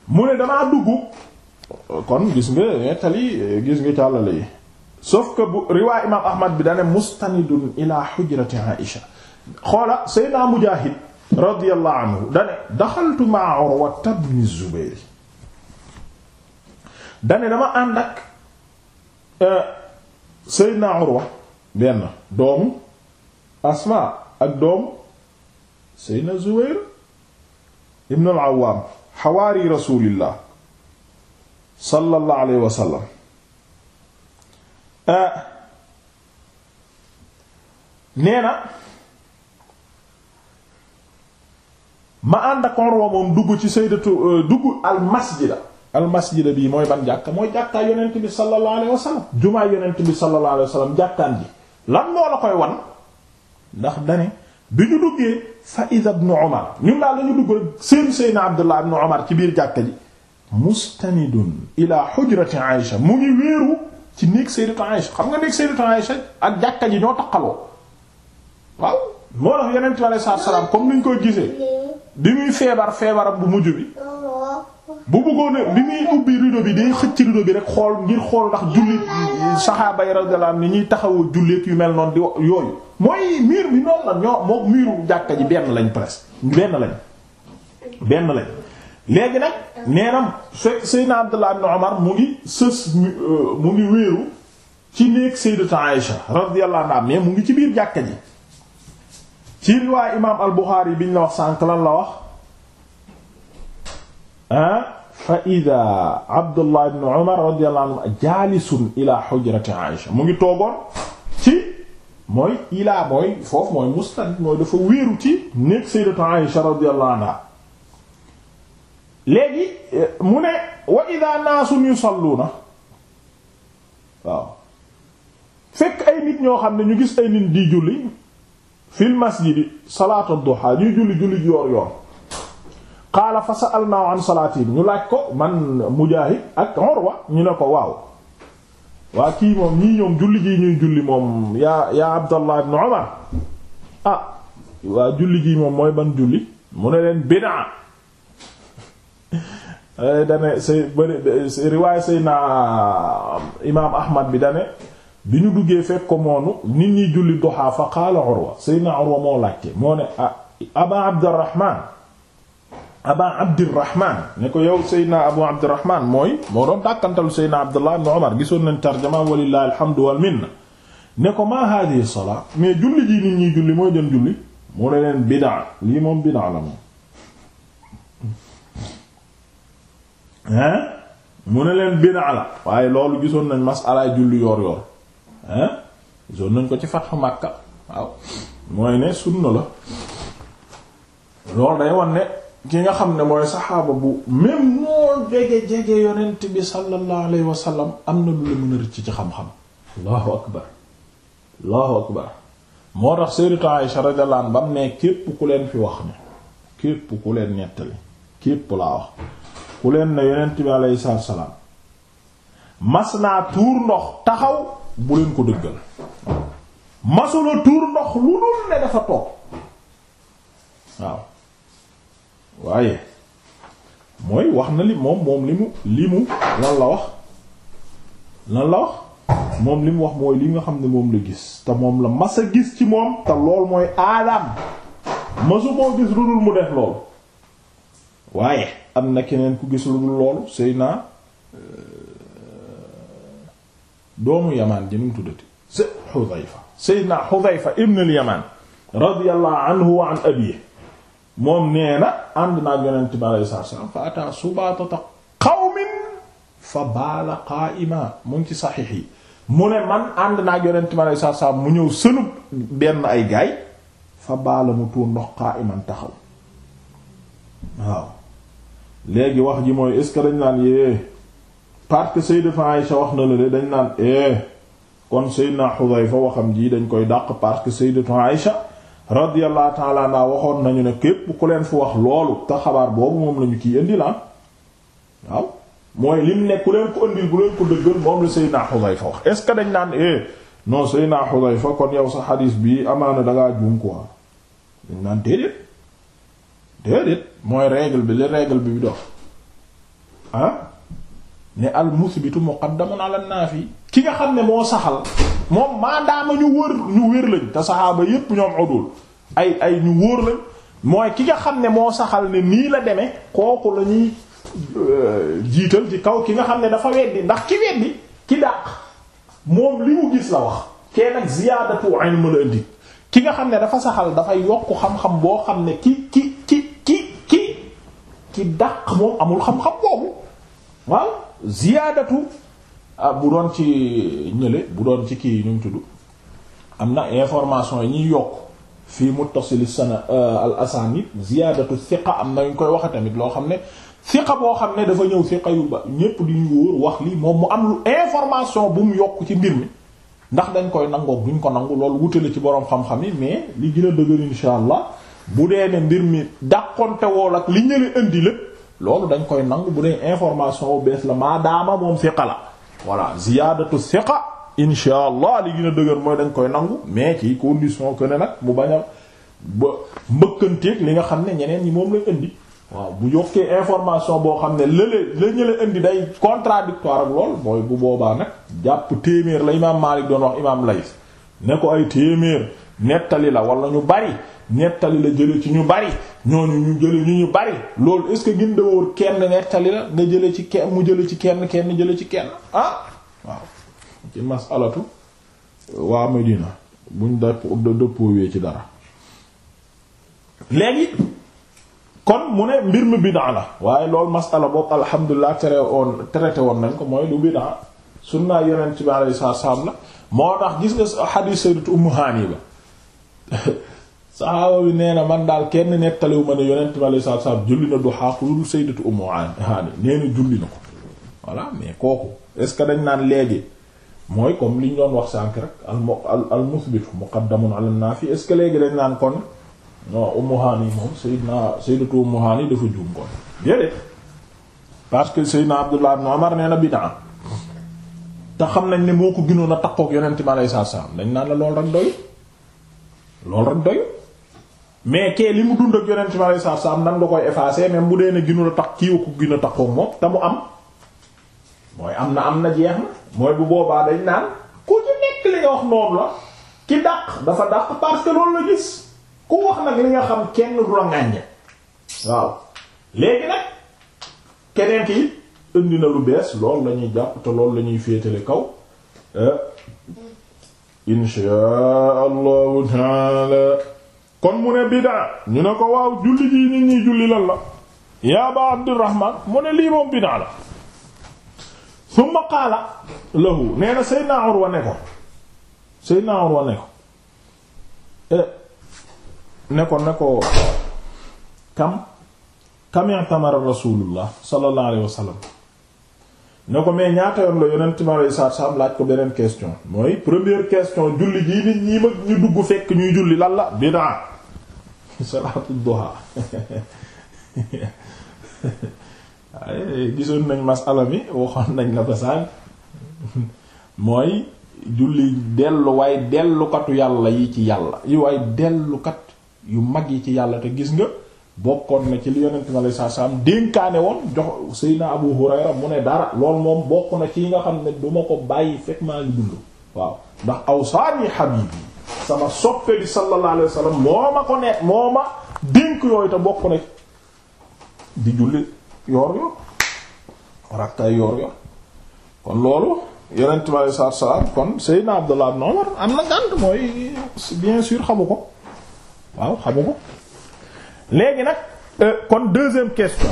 mu ne damaa dugg kon gis nga nettali gis nga càllale yi sauf que bu riwaay imaam ahmad bi dane mustanidun ila xujrati aïsha xoola seydna mujaahid radiyallahu anhu dane daxaltu ma'a urwa ibn zubayr dane dama ànd ak euh, seydna urwa doomu asma ak doomu seydna zubayr ibn al-awwam xawaari rasulillah sallallahu alayhi wa Ah. nee na ma ànd ak Urwa moom dugg ci sayyidatu euh, dugg al masjida al masjida bii mooy ban jàkka mooy jàkkaa yonent bi sallallahu alayhi wasallam jumaa yonent bi sallallahu alayhi wasallam jàkkaan ji lan moo la koy wan ndax dane bi ñu duggee fa ida Umar ñun daal lañu dugg seen Seydina Abdullah ibnu Umar ci biir jàkka ji mustanidun ila hujrati Aisha mu ngi wéeru ci néeg Sayyidatu Aïcha xam nga néeg Sayyidatu Aïcha ak jàkka ji ñoo taqaloo waaw moo tax Yonent bi alayhi salaatu salaam comme niñ koy gisee bi muy feebar feebaram bu mujj bi bu bëggoon li bi muy ubbi rido bi day xëcc rido bi rek xool ngir xool ndax jullit saxaaba yi radiyallahu anhum ni ñuy taxawu jullit yu mel noonu di yooyu mooy miir bi noonu la ñoo moo miiru jàkka ji benn lañ presque benn lañ benn lañ léegi nag nee na Seydina Abdullah ibn Umar mu ngi sës euh, mu ngi wéeru ci néeg Sayyidatu Aïsha radiyallahu anha mais mu ngi ci biir jàkka ji ci riwaay imaam al-Bukhari biñ la wax lan la wax ah fa ida Abdullah ibn Umar radiyallahu anhu jaalisun ila hujrati Aïsha mu ngi toogoon ci mooy ilaa mooy foofu mooy mustad mooy dafa wéeru ci néeg Sayyidatu Aïsha radiyallahu anha léegi euh, mu ne wa ida naasum yusalluuna waaw fekk ay nit ñoo xam ne ñu gis ay nit di julli fil masjidi salaatu duha ñuy julli julli yoor ñu laaj ko man mujaahid ñu ne ko moom julli julli moom yaa yaa abdallah ibn umar ah waa julli ji moom mooy ban julli mu ne leen bidaa Eh, dane say bëri riwaay sayna um, imaam ahmad bi dane bi ñu duggee fekk ko moonu nit ñi julli duhaa fa qaala urwa sayna urwa moo laajte moo ne ah, aba abdirahman aba abdirahman ne ko yow sayna abu abdirahman mooy moo doon dàkkantalu sayna abdullah ibn umar gisoon nañ tarjama walillahi alhamdu wal minna ne moom bidaa la moom hein mu ne leen bina la waaye loolu gisoon nañ masalaay julli yoor yoor hein gisoon nañ ko ci fa Makka waaw mooy ne sunna la loolu day wan ne ki nga xam ne mooy saxaaba bu même moo jege jege yonent bi sallallahu alayhi wa sallam am na lu ci xam-xam allahu akbar allahu akbar moo tax sayyidatu ne képp ku leen fi wax ne képp ku leen nettali képp laa wax ku leen ne yonent bi mas naa tuur ndox taxaw bu leen ko dëggal masula tuur ndox lu dul ne dafa toog waaw waaye mooy wax na li moom moom li mu li mu lan la wax lan la wax moom li mu wax mooy li nga xam ne moom la gis te moom la mas a gis ci moom te lool mooy aadam masu moo gis lu dul mu def lool waaye am na keneen ku gis lu dul loolu Seydina euh, doomu yamaan ji nu mu tuddati se Xudayfa Seydina Xudayfa ibn al-Yamaan radiyallahu wa an abiihi moom nee na ànd naa yonent bi alayhi salaatu salaam fa ataa subaatata qawmin fa baala qaa'ima mu ngi ci saxiix yi mu ne man ànd naa yonent bi alayhi salaam mu ñëw sënub benn ay gaay fa baala mu tuur ndox qaa'iman léegi wax ji mooy est-ce que dañ naan yée parce que sayyidatu Aïsha wax na la dañ naan eh kon sayyidna Xudayfa waxam ji dañ koy dàq parce que sayyidatu Aïsha radiyallahu ta'ala anha waxoon nañu ne képp ku leen fu wax loolu te xabaar boobu moom lañu kii indi la ah waaw mooy lim ne ku leen ko indil bu leen wax est-ce que dañ naan eh non sayyidna Xudayfa kon yow sa xadiis bii amaana dangaa juum quoi dañ naan déedéet déedéet mooy règle bi li règle bi bi dox ah ne al musbitu muqaddamun ala naafi ki nga xam ne moo saxal moom maadaama ñu wër ñu wér lañ te saxaaba yépp ñoom odul ay ay ñu wóor lañ mooy ki nga xam ne moo saxal ne nii la demee kooku la ñuy euh, jiital ci kaw ki nga xam ne dafa weddi ndax ki weddi ki dàq moom li mu gis la wax kenn ak ziyaadatu ilm la indi ki nga xam ne dafa saxal dafay yokk xam-xam boo xam ne ki ki ki ki dàq moom amul xam-xam boobu waaw ziyaadatu ah, bu doon ci ñële bu doon ci kii ñu tudd am na information yi ñu yokk fii muttasil sana euh, al asanid ziyaadatu thiqa am na ñu koy waxe tamit loo xam ne thiqa boo xam ne dafa ñëw thiqa yu ba ñépp di ñu wóor wax li moom mu am lu information bu mu yokk ci mbir mi ndax dañ koy nangoog duñ ko nangu loolu wutale ci boroom xam-xam yi mais li gën a dëgër insha allah bu dee ne mbir mi dàqonte wool ak li ñële indi lépp loolu dañ koy nangu bu dee information bu bees la maadaama moom siqa la voilà ziyaadatu siqa insha allah li gën dëgër mooy dañ koy nangu mais ci condition que ne nag mu bañ a ba mbëkkanteeg li nga xam ne ñeneen ñi moom lañ indi waaw bu yokkee information boo xam ne lëlee la indi day contradictoire ak lool mooy bu boobaa nag jàpp téeméer la imaam Maalik doon wax imaam Lays ne ko ay téeméer nettali la wala ñu bari nettali la jële ci ñu bari ñooñu ñu jële ñu ñu bari loolu est-ce que ginde wóor kenn nettali la nga jële ci kenn mu jële ci kenn kenn jële ci kenn ah waaw ci masalatu waa Medina buñ dëpp dëppoowee ci dara léegi kon mu ne mbir mu bid'a la waaye loolu masala boobu alhamdulilah tere woon traité woon nañ ko mooy lu bid'a sunna yonent bi alayhi salaam la moo tax gis nga hadith sayyidatu Ummu Haani ba saxaaba bi nee man daal kenn nettaliwu ma ne yonent bi alayhi salaatu salaam julli na duhaa lu dul sayyidatu Ummu Haani ah, nee na julli na ko voilà mais kooku est-ce que dañ naan léegi mooy comme li ñu doon wax sànk rek al al al ce que naan kon non Ummu Haani moom sayyidna que sayyidna Abdullah ibn Umar nee na bid'a xam nañ ne moo ko gënoon a taqoog yonent bi alayhi salaatu salaam dañ naan la loolu rek doy lool rek doy. mais kee li mu dund ak yonent bi alayhi salaatu salaam nan la koy effacer même bu dee ne gënu la tax kii ko gën a moom te mu am mooy am na am na jeex na mooy bu boobaa dañ naan ku ci nekk li nga wax noonu la ki dàq dafa dàq parce que loolu la gis ku wax nag li nga xam kenn du la ŋàññe waaw léegi nag keneen ki indi na lu bees lool lañuy ñuy jàpp te loolu la féetale kaw eh, insha allahu taala kon mu ne bidaa ñu ne ko waaw julli ji nit ñi julli lan la yaa ba abdurrahman mu ne lii moom bidaa la summa qaala lahu nee na Seydina Urwa ne ko Seydina Urwa ne eh, ne ko ne ko kam kam i'tamara rasulullah sallallahu alayhi ne ko mais ñaata yoon la yonent mi alayhi salaatu salaam laaj ko beneen question mooy première question julli jii nit ñi mag ñu dugg fekk ñuy julli lal la bidaa salaatu duha waaye gisoon nañ masala mi waxoon nañ la basaan mooy julli dellu waaye dellukatu yàlla yi ci yàlla yi waaye dellukat yu mag yi ci yàlla te gis nga bokkoon na ci li yonent na la saa saam dénkaane woon jox Seydina Abu Hurayra mu ne dara loolu moom bokk na ci nga xam ne du ko bàyyi fekk maa ngi dund waaw ndax awsaani habibi sama soppe bi sallallahu alayhi wa sallam moo ma ko ne moo ma dénk yooyu te bokk na di julli yoor yoor rakkaay yoor yoor kon loolu yonent bi alayhi salaatu wa salaam kon Seydina Abdullah ibn Umar am na gànt mooy bien sûr xamu ko waaw xamu ko léegi nag euh, kon deuxième question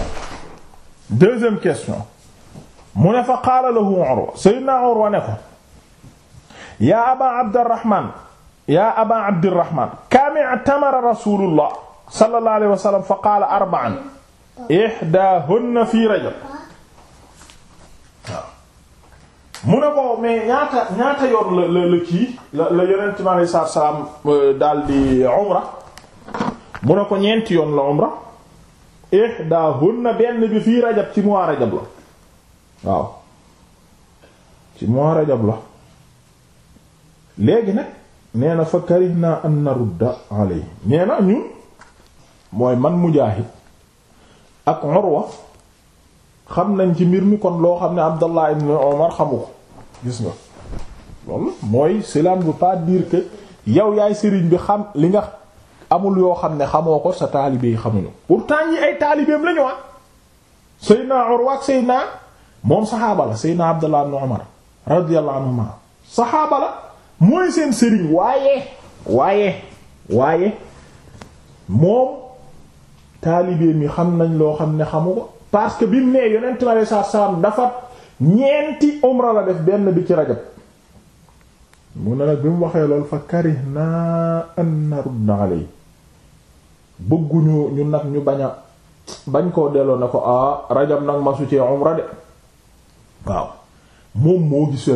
deuxième question mu ne fa qaala lahu Urwa Seydina Urwa ne ko yaa Aba Abdurrahman yaa aba abdirahman kaami tamara rasulullah sallallahu alayhi wa sallam fa qaala arba'an ihdaahunna fii rajab waaw mu ne ko mais ñaata ñaata yoon la la la kii la la yonent mi alayhi salaatu salaam euh, daal di umra mu ne ko ñeenti yoon la umra ihdaahunna benn bi fii rajab ci mois rajab la waaw ci mois rajab la léegi nag nee na fa karihna an narudda alay nee ñun mooy man mujaahid ak Urwa xam nañ ci mbir mi kon loo xam ne Abdallah ibn Omar xamu ko gis nga loolu mooy cela ne veut pas dire que yow yaay sëriñ bi xam li nga amul yoo xam ne xamoo ko sa taalibe yi xamuñu pourtant ñi ay taalibeem lañu wax ah. Seydina Urwa ak Seydina moom saxaaba la Seydina Abdallah ibn Omar radiyallahu anhuma saxaaba la mooy seen sëriñ waaye waaye waaye moom taalibe mi xam nañ loo xam ne xamu ko parce que bi mu nee yonent mi alayhi la def benn bi ci rajab mu ne bi mu waxee lool fa karihna an narudda alayhi bëgguñu ñu ñu bañ koo delloo na ko a ah, rajab nag ma su waaw moom moo gis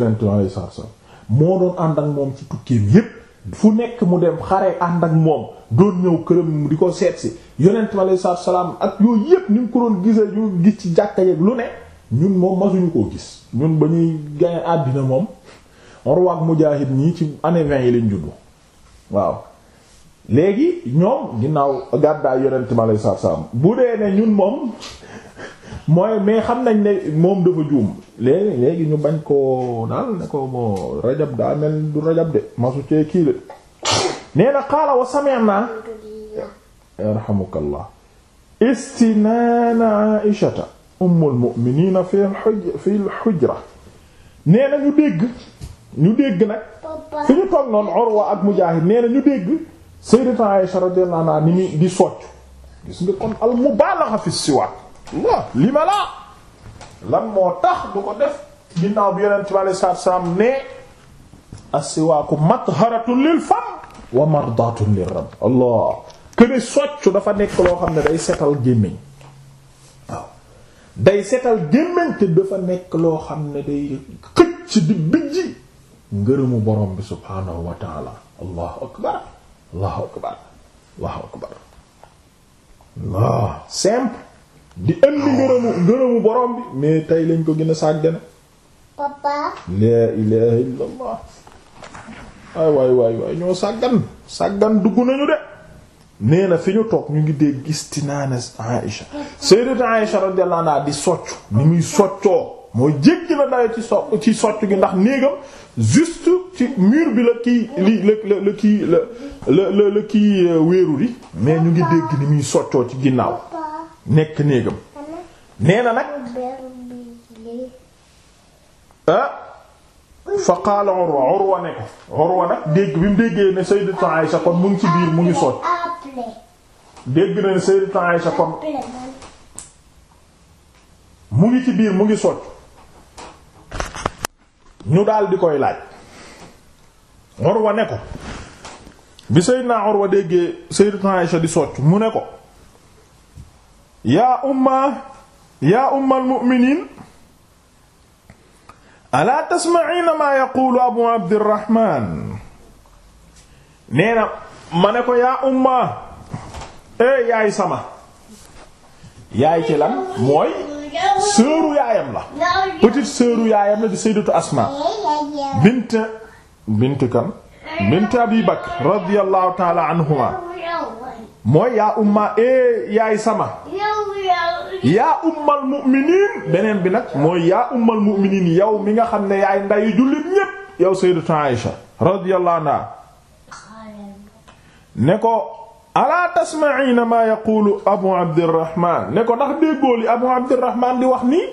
moo doon ànd ak moom ci tukkeem yépp fu nekk mu dem xare ànd ak moom doon ñëw këram di ko seet si yonent mi alayhi salaam ak yooyu yépp ni mu ko doon gisee ñu gis ci jàkka yeeg lu ne ñun moom masuñu koo gis ñun ba ñuy gane àddina moom Urwa ak Mujaahid ñii ci année vingt yi lañ juddu waaw léegi ñoom ginnaaw gàddaay yonent mi alayhi salaatu salaam bu dee ne ñun moom mooy mais xam nañ ne moom dafa juum léegi léegi ñu bañ koo daal ne ko moo rajab daa mel du rajab de masu cee kii de nee na qaala wa sami'na yarhamukallah istinaana aishata ummul mu'minina fi fi lxujra nee ñu dégg ñu dégg nag fi ñu toog noonu Urwa ak Mujaahid ñu dégg sayyidatu Aisha radiyallahu anha ni di socc gis nga kon fi siwaak waaw li ma laa lan moo tax du ko def ginnaaw bi yonent bi alei saatu salaam ne asiwaaku matharatun lil fam wa mardatun lir rabb allah këne soccu dafa nekk loo xam ne day setal gémmiñ setal gémmiñ te dafa nekk loo xam ne day xëcc di bijji ngërëmu borom bi subhaanahu wa allahu akbar allahu akbar allahu akbar waaw di indi ngërëmu ngërëmu borom bi mais tey lañ ko gën a sàggane papa laa ilaha illa allah ay waay waay ñoo sàggan sàggan dugg nañu de nee na fi ñu toog ñu ngi dégg istinaana Aïsha sayyidatu Aïsha radiyallahu anha di soccu ni muy soccoo mooy jéggi na dayo ci so ci soccu gi ndax néegam juste ci mur bi la kii li la la kii la euh, wéeru di mais ñu ngi dégg ni muy soccoo ci ginnaaw nekk néegam nee na nag ah fa qaala Urwa Urwa ne ko Urwa nag dégg bi mu déggee ne Sayyidatu Aisha kon mu ngi ci biir mu ngi sooj dégg kon mu ngi ci biir mu ngi sooj ñu daal di koy laaj Urwa ne ko bi Sayyidna Urwa déggee Sayyidatu Aisha di sooj mu ne ko yaa umma yaa ummal alaa tasma'iina maa yaquulu abu abdirahmaan nee na ne ko yaa umma ee eh, yaay sama yaay ci mooy sœuru yaayam la petite sœuru yaayam la di sayyidatu asmaa bint kan bint abi bakr radiyallahu taala anhuma mooy yaa umma ee eh, yaay sama yaa ummal mu'miniin beneen bi nag mooy yaa ummal mu'miniin yow mi nga xam ne yaay ndayu jullit ñépp yow sayyidatu Aisha radiyallahu anha ne ko alaa tasma'ina ma yaqulu abu abdurrahman ne ko ndax déggoo li abu abdurrahman di wax nii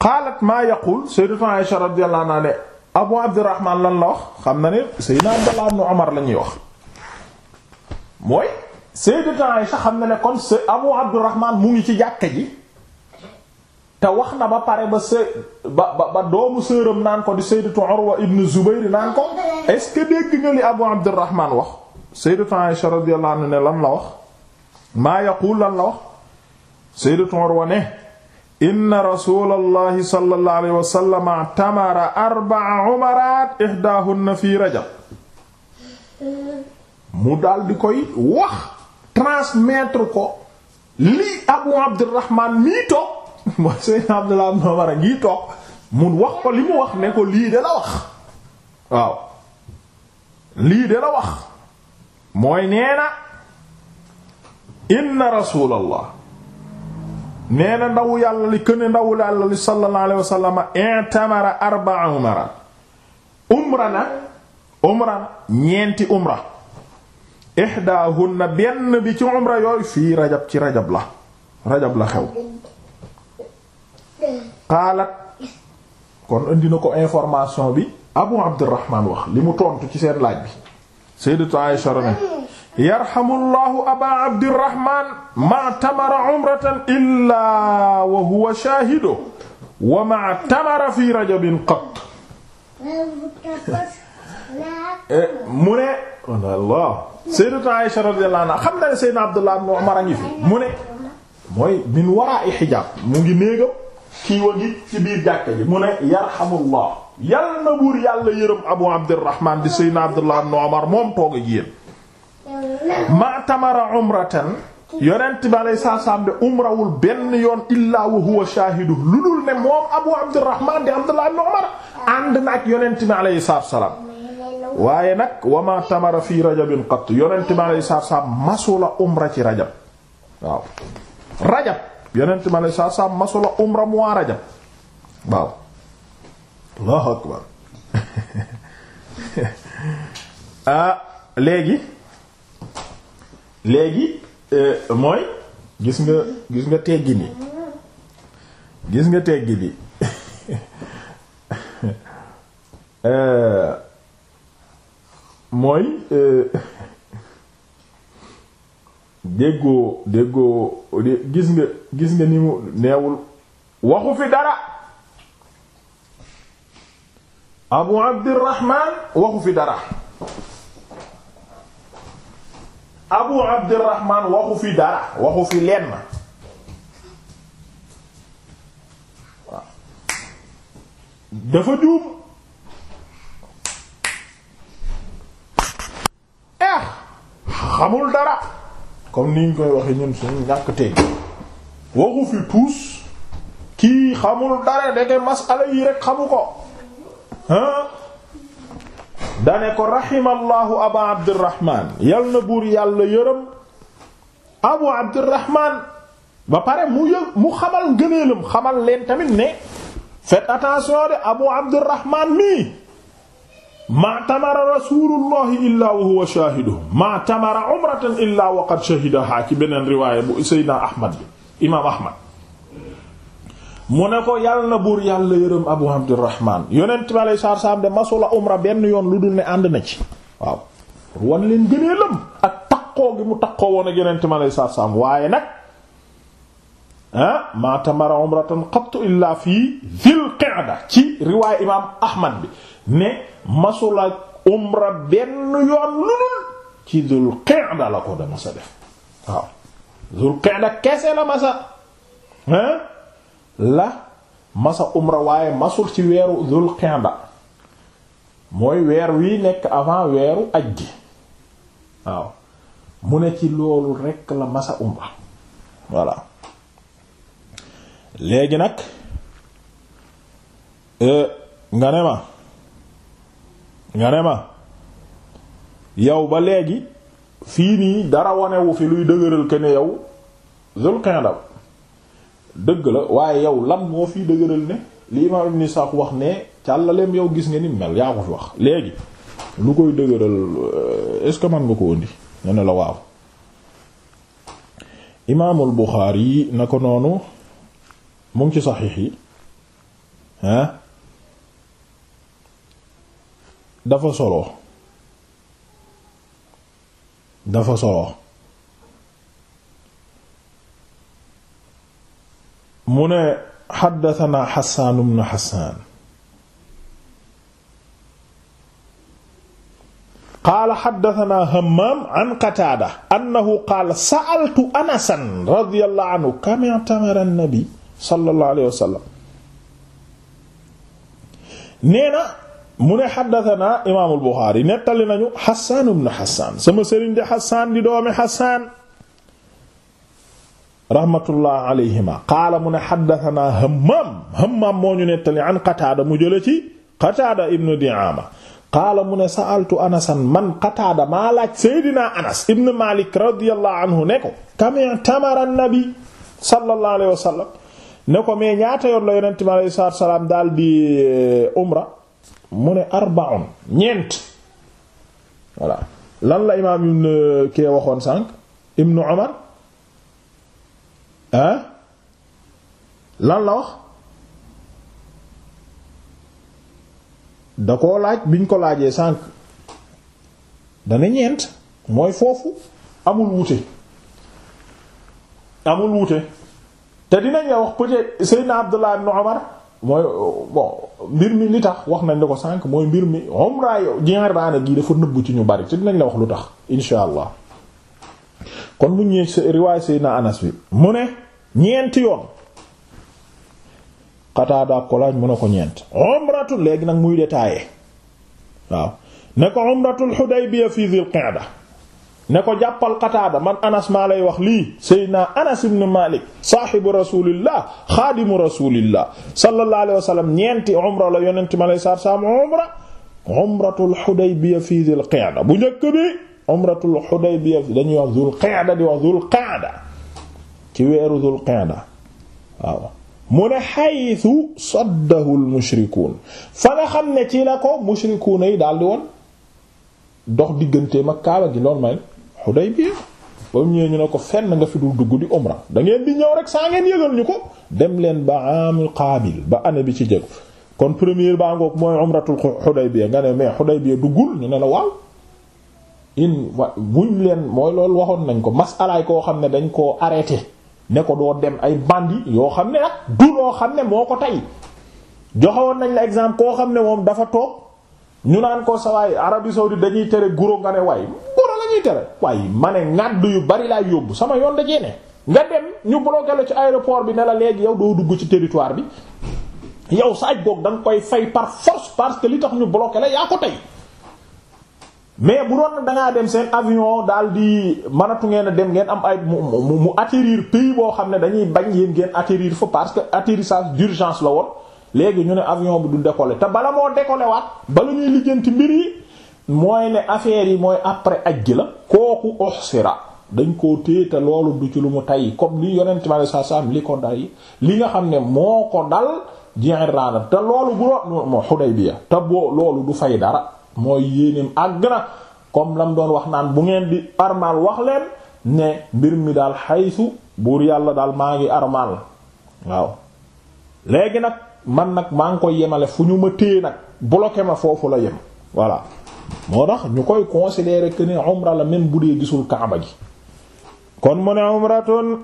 qaalat maa yaqul sayyidatu Aisha radiyallahu anha Abu Abdurrahman lan la wax xam na ne sayyidina Abdullah ibn Umar la ñuy wax mooy sayyidatu Aisha xam na ne mu ngi ci jàkka ji te wax na ba pare ba sa ba ba doomu sëram naan ko di sayyidatu Urwa ibn Zubayr naan ko est-ce que dégg li Abu Abdurrahman wax sayyidatu Aisha radiyallahu anha ne lan la wax maa yaqul lan la wax sayyidatu Urwa ne inna rasulallahi sallallahu alayhi wa arba'a umaraat ihdaahunna fi rajab mu daal koy wax transmettre ko lii abu abdurrahman mii toog mooy seydna abdullah ibn umar mun wax ko li mu wax ne ko lii de la wax waaw lii de la wax mooy nee na inna nee na ndaw yàlla li këne ndaw yàlla li sallallahu alayhi wasallam umra na umra ñeenti umra ihdaahunna benn bi ci umra yooyu fii rajab ci rajab la rajab la xew qaalat kon indi na ko information bi abu abdurrahman wax li mu tontu ci seen laaj bi sayyidatu Aisha ne yarhamullahu aba abdirrahman ma tamara umratan illa wa huwa shahidu wa ma tamara fi rajabin qat eh, mu ne Allah sayyidatu Aisha radiyallahu anha xam na ne sayyidna Abdullah ibn Umar a ngi fi mu ne mooy min wara'i hijab mu ngi néegam kii wa gi ci biir jàkka ji mu ne yarhamullah yàlla na buur yàlla yërëm Abu Abdirrahman di sayyidna Abdullah ibn Umar moom toog ak yéen maatamara umratan yonent bi alay saa saam de umrawul benn yoon illaa wa huwa shaahidu lu dul ne moom abu abdurrahman di abdullah ibn umar ànd na ak yonent bi alay saa salaam waaye nag wa ma tamara fi rajabin qatt yonent bi alay saa saam masula umra ci rajab waaw rajab yonent bi alay saa saam masula umra mu waa rajab waaw allahu akbar ah léegi léegi euh, mooy gis nga gis nga teggi ni gis nga teggi ni euh, mooy euh, déggoo déggoo gis nga gis nga ni mu neewul waxu fi dara abu abdirahman waxu fi dara abu abdirahman waxu fi dara waxu fi lenn waaw dafa juum eh xamul dara comme ni ñu koy waxe ñun suñu ñàkk tey waxu fi tuus kii xamul dara deke masala yi rek xamu ko hein dane ko raximallahu aba abdirahman yal na buur yàlla yërëm abu abdirahman ba pare mu yë mu xamal ngëneelam leen tamit ne faites attention abu abdirahman mii ma tamara rasulullahi illa wa huwa shaahiduhum ma tamara umratan illa wa qad shahidaha ci beneen riwaaya bu sayyidina ahmad imaam ahmad mu ne ko yàlla na buur yàlla yërëm abu abdurrahman yonent bi aleyhi salaatu salaam de masula umra benn yoon lu dul ne ànd na ci waaw wan leen gëneelam ak takkoo gi mu takkoo woon ak yonent bi aleyhi salaatu salaam waaye nag ah maa tamara umratan qattu illaa fii dhil qa'da ci riwaay imaam ahmad bi ne masula umra benn yoon lu dul ci dhil qa'da la ko da masa def waaw dhil qa'da kese la masa ah? la masa umra waaye masul ci weeru dhul qinda mooy weer wii nekk avant weeru aj gi waaw mu ne ci loolu rekk la masa umra voilà léegi nag euh, nga ne ma nga ne ma yow ba léegi fii nii dara wonewu fi luy dëgëral ke ne yow zul qinda dëgg la waaye yow lan moo fii dëgëral ne li imaam ibn Isaaq wax ne càllaleem yow gis nga ni mel yaa ko fi wax léegi lu koy dëgëral euh, est-ce que man nga ko indi ne ne la waaw imaamul Buxaari yi na ko noonu mu ngi ci saxiix yi dafa solo dafa solo mu ne xaddatanaa xasaan ibnu xasaan qaala xaddatanaa hammaam an qataada annahu qaala sa'altu anasan radiyallahu anhu kam i'tamara an-nabi sallallahu alayhi wa sallam nee na mu ne xaddatanaa imaamul Buxaari nettali nañu xasaan ibnu xasaan sama sëriñ di xasaan di doomi xasaan rahmatullah alayhima qaala mu ne xaddatanaa hammam hammam moo nettali an qataada mu jële ci qataada ibnu diama qaala mu ne sa'altu anasan man qataada maa laaj seydina anas ibnu malik radiyallahu anhu ne ko kam nabi sallallahu alayhi wa sallam ne ko mais ñaata yoon la yonente mi alayhi salaam daal di eh, umra mu ne arba'un ñeent voilà lan la imaam ibnu eh, kee waxoon sànq ibnu umar ah lan la wax da koo laaj biñ ko laajee sànq dana ñeent mooy foofu amul wuute amul wuute te dinañ la wax peut-être Seydina Abdullah ibn Umar mooy bon mbir mi li tax wax nañ la ko sànq mooy mbir mi umra yo jiarbaana gii dafa nëbb ci ñu bari te dinañ la wax lu tax insha allah kon bu ñëwee sa riwaay Seydina Anas bi mu ne ñeenti yoon Qataada ko laaj mu ne ko ñeent umratul léegi nag muy détaillé waaw ne ko fii Dhil jàppal Qataada man Anas maa lay wax lii Seydina Anas ibn Malik saahibu rasulillah xaadimu rasulillah sallallahu alayhi wa sallam ñeenti umra la yonent ma lay sar sam umra umratul Hudaybiya fii Dhil Qa'da bu njëkk bi umratul Hudaybiya dañuy wax zul qa'da di wax zul qa'da ci weeru zul qa'da waaw mu ne xaytu saddahul mushrikuun fa nga xam ne ci la ko mushrikuuna yi daal di woon dox digganteem ma kaaba gi loolu may Hudaybiya ba mu ñëwee ñu ne ko fenn nga fi dul dugg di umra da ngeen di ñëw rek saa ngeen yëgal ñu ko dem leen ba amul qaabil ba année bi ci jegu kon premier baa ngoog mooy umratul Hudaybiya nga ne mais Hudaybiya duggul ñu ne la waaw. in wa buñ leen mooy loolu waxoon nañ ko masalaay koo xam ne dañ koo arrêté ne ko doo dem ay bandi yoo xam ne nag du noo xam ne moo ko tey joxewoon nañ la exemple koo xam ne moom dafa toog ñu naan ko sawaay Arabie saoudite dañuy tere guro nga ne waay guro la ñuy tere waaye ma ne ngàdd yu bari laay yóbbu sama yoon dajee ne nga dem ñu bloqué la ci aéroport bi ne la léegi yow doo dugg ci territoire bi yow saaj boog da koy fay par force parce que li tax ñu bloqué la yaa ko tey mais bu doon da ngaa dem seen avion daal di mënatu ngeen dem ngeen am ay mu mu mu atterrir pays boo xam ne dañuy bañ yéen ngeen atterrir fa parce que atterrissage d'urgence la woon léegi ñu ne avion bu du décoller te bala moo décoller waat bala ñuy lijjanti mbir yi mooy ne affaire yi mooy après ajj la kooku uhsira dañ koo téye te loolu du ci lu mu tey comme li yonent tamit saa saa li ko day li nga xam ne moo ko dal Ji'rana te loolu bu doon Hudaybiya te boo loolu du fay dara. mooy yéenéem àgg na comme lam doon wax naan bu ngeen di armal wax leen ne mbir mi daal xaysu buur yàlla daal maa ngi armal waaw léegi nag man nag maa ngi koy yemale fu ñu ma téye nag bloqué ma foofu la yem voilà moo tax ñu koy considérer que ni umra la même bu dee gisul kaaba gi kon mu ne umratun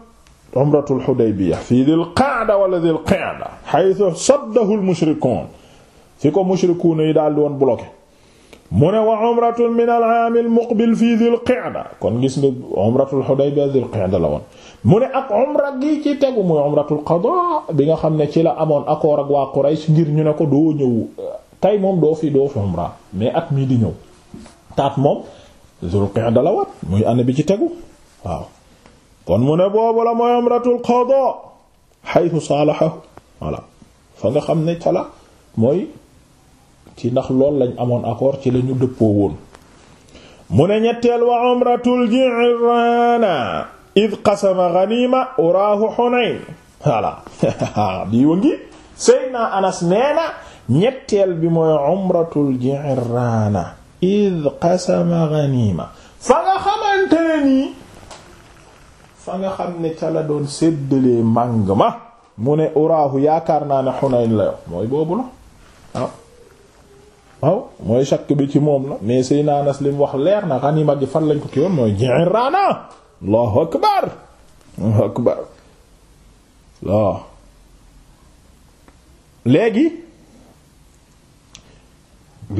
umratul Hudaybiya fii dil qaada wala dil qaada haythu saddahu al ko mushrikuun yi daal di woon bloqué mu ne wa umratun min al-aam al-muqbil fii Dhil Qa'da kon gis nga umratul Hudaybiya Dhil Qa'da la woon mu ne ak umra gi ci tegu muy umratul qadaa bi nga xam ne ci la amoon accord ak waa Quraysh ngir ñu ne ko doo ñëw tey moom doo fi doo fi umra mais at mii di ñëw taat moom Dhil Qa'da la woon muy année bi ci tegu waaw kon mu ne boobu la mooy umratul qadaa haythu saalahahu voilà fa nga xam ne ca la mooy. ci ndax lool lañ amoon accord ci lañu dëppoo woon mu ne ñetteel wa umratul ji'rana id qasama ghanima uraahu hunayn voilà bii wa ngi seyna xam ne ca la doon séddalee ma mu ne uraahu yaakaar naa ne hunayn la yo mooy boobu waaw mooy shakk bi ci moom la mais Seydina Anas li wax leer na xaniima gi fan lañ ko ki woon mooy Ji'raana Allahu akbar Allahu akbar léegi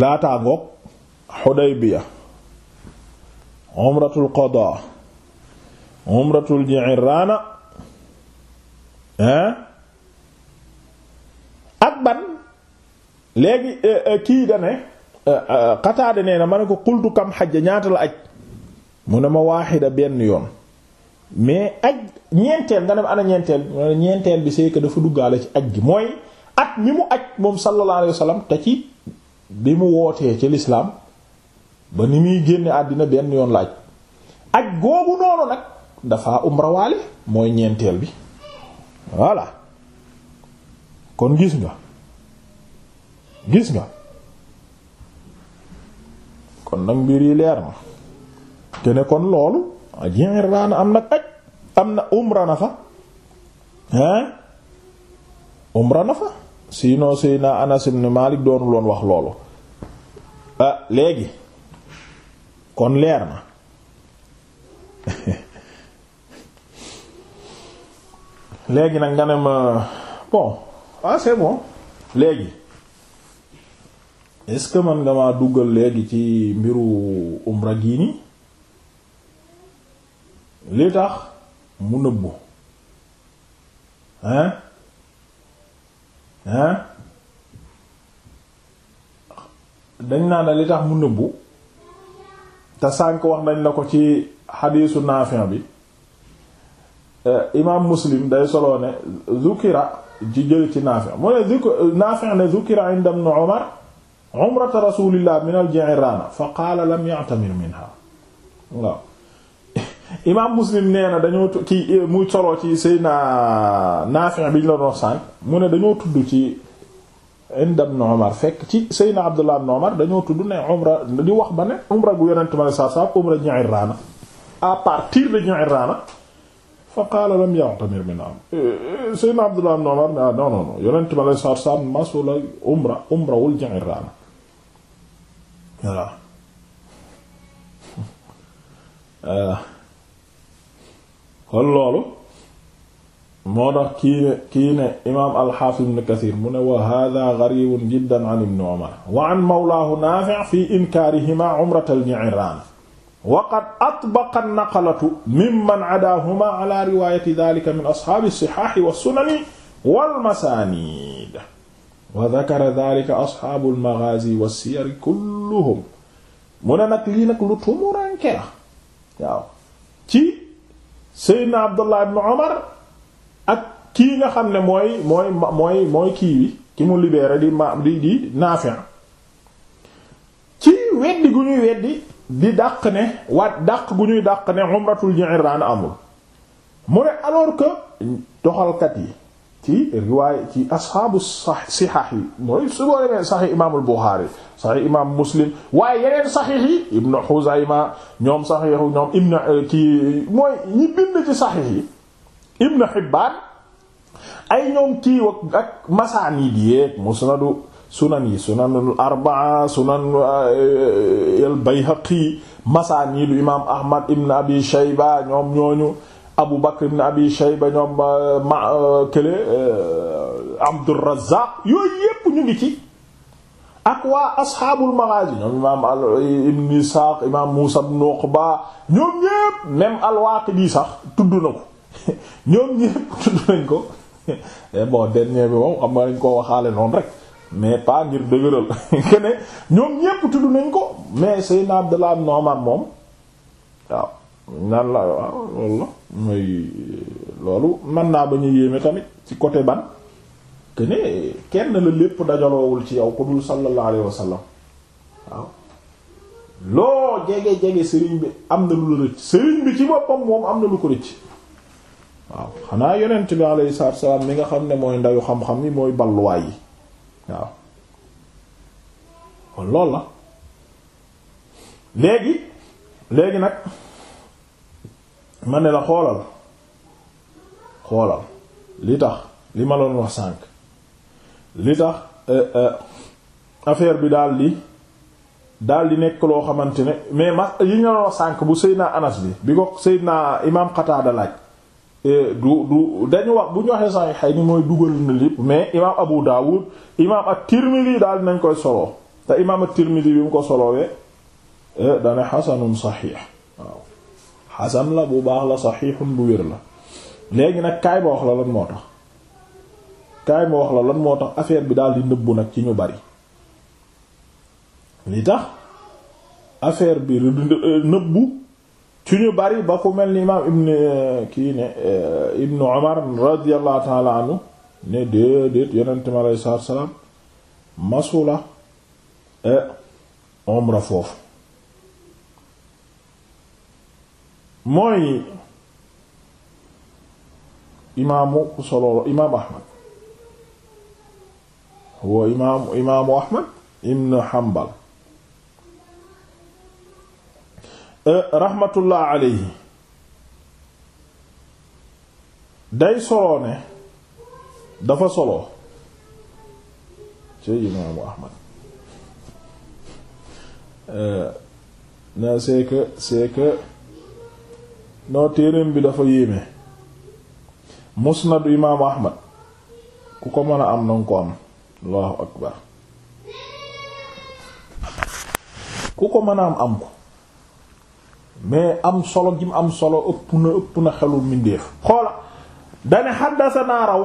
laataa ngoog Xudaybiya umratul qadaa umratul Ji'raana ak ban léegi euh, euh, kii da ne euh, Qataada nee na ma ne ko qultu kam xajja ñaata la aj mu ne ma waaxida benn yoon mais aj ñeenteel nga ne ma ana ñeenteel ñeenteel bi c'est que dafa duggaale ci aj gi mooy at mi mu aj moom sallallahu alayhi te ci bi mu wootee ci lislaam ba ni muy génne àddina benn yoon la aj aj googu noonu nag dafa umrawaale mooy ñeenteel bi voilà kon gis nga gis nga kon nag mbir yi leer na te lool kon loolu Ji'irraana am na aj am na umra na fa hein umra na fa sinon Seydina Anas ibn Malik doonu loon wax loolu ah léegi kon leer na léegi nag nga ne ma bon ah c'est bon léegi est-ce que man nga maa duggal léegi ci mbiru umra gii nii li tax mu nëbbu hein hein dañ naa ne li tax mu nëbbu te sànk wax nañ la ko ci xadiisu naafin bi eh, imaam muslim day soloo ne zukira ci jël ci naafin mu ne zuk naafin ne zukira inda ibn Umar umrata rasulillah min al-Ji'rana fa qaala lam ya'tamir minha waaw imaam Muslim nee na dañoo ki eh, muy soloo ci Seydina Naafi' bi ñu la doon sànq mu ne dañoo tudd ci inda Ibn Umar fekk ci Seydina Abdullah ibn Umar dañoo tudd ne umra di wax ba ne umra gu yonent ma saa saa umra Ji'rana à partir de Ji'rana fa qaala lam ya'tamir minha eh, Seydina Abdullah ibn Umar ah, non non non yonent ma saa saa masu la umra umrawul Ji'rana voilà eh. kon loolu moo tax kii ne kii ne imaam alxaafis ibn kathir mu ne wa hada garibun jiddan an ibn umar wa an mawlaahu naafi' fi inkaarihima umrata al-ji'raan wa qad atbaqa an-naqlatu mimman adaahuma ala riwaayati daalika min ashaabi as-sihaahi was-sunani wal masaaniid wa dhakara dhaalika ashaabu al-maghaazi was-siyar kull kulluhum mu ne nag lii nag lu tumuranke la waaw ci Seydina Abdullah ibn Omar ak kii nga xam ne mooy mooy mooy kii wi ki mu libéré di ma di di Nafi' ci weddi gu ñuy weddi di dàq ne waa dàq gu ñuy dàq ne mu ne alors que doxalkat yi ci riwaay ci asxaabu sax sixaax yi mooy su boo demee saxi imaamul Buxaari saxi imaam Muslim waaye yeneen saxiix yi Ibnu Xuzayma ñoom saxiixu ñoom Ibnu eh, kii mooy ñi bind ci saxiix yi Ibnu Hibbaan ay ñoom kii ak masaaniid yeek musnadu sunan yi sunanul arbaa sunan eh, al Bayhaqi masaaniidu imaam Ahmad Ibnu Abi Shayba ñoom ñooñu. Abu Bakr ibn Abi Shayba ñoom euh, ma euh, kële euh, Abdur Razzaq yooyu yépp ñu ngi ci ak waa asxaabul maghazi ñoom imaam al ibn Isaaq imaam Muusa ibn Uqba ñoom ñépp même al-Waaqidi sax tudd na ko ñoom ñépp tudd nañ ko eh bon dernier bi moom xam nga dañ koo waxaale noonu rek mais pas ngir dëgëral kene ñoom ñépp tudd nañ ko mais Seydina Abdullah ibn Umar moom waaw nan la waaw loolu la mooy loolu mën naa ba ñu yéeme tamit ci côté ban que ne kenn la lépp dajaloowul ci yow ku dul sallallahu alayhi wasallam waaw loo jege jege sëriñ bi am na lu la rëcc sëriñ bi ci boppam moom am na lu ko rëcc waaw xanaa yonent bi alayhi salaatu wasallam mi nga xam ne mooy ndayu xam-xam yi mooy balluwaay yi waaw lool loolu la léegi léegi nag. ma ne la xoolal xoolal li tax li ma doon wax sànq li tax euh, euh, affaire bi daal di daal di nekk loo xamante ne mais ma yi ñu doon wax sànq bu Seydina Anas bi bi ko Seydina Imaam Qataada laaj. Euh, du du dañu wax bu ñu waxee sax xëy ni mooy dugal na lépp mais imaam Abu Dawud imaam at-Tirmidhi daal nañ koy solo te imaam at-Tirmidhi bi mu ko solowee dana xasanun saxiix waaw. xasan la bu baax la saxiixun bu wér la léegi nag kaay ma wax la lan moo tax kaay ma wax la lan moo tax affaire bi daal di nëbbu nag ci ñu bari li tax affaire bi nëbbu ci ñu bari ba ku mel ni imaam ibn kii ne eh, ibn Umar radiyallahu ta'ala anhu ne déedéet yonent mi alayhi salaam masula umra eh, foofu mooy imaamu solo imaamu Ahmad huwa imaamu imaamu Ahmad ibn Hanbal eh, rahmatullah alayhi day solo ne dafa solo ci imaamu Ahmad eh, non c'est que noo téereem bi dafa yéeme musnadu imaamu ahmad ku ko mën a am na nga ko am allahu akbar ku ko mën a am am ko mais am solo gi am solo ëpp na ëpp na xelu mbindeef xoola dane xaddasanaa raw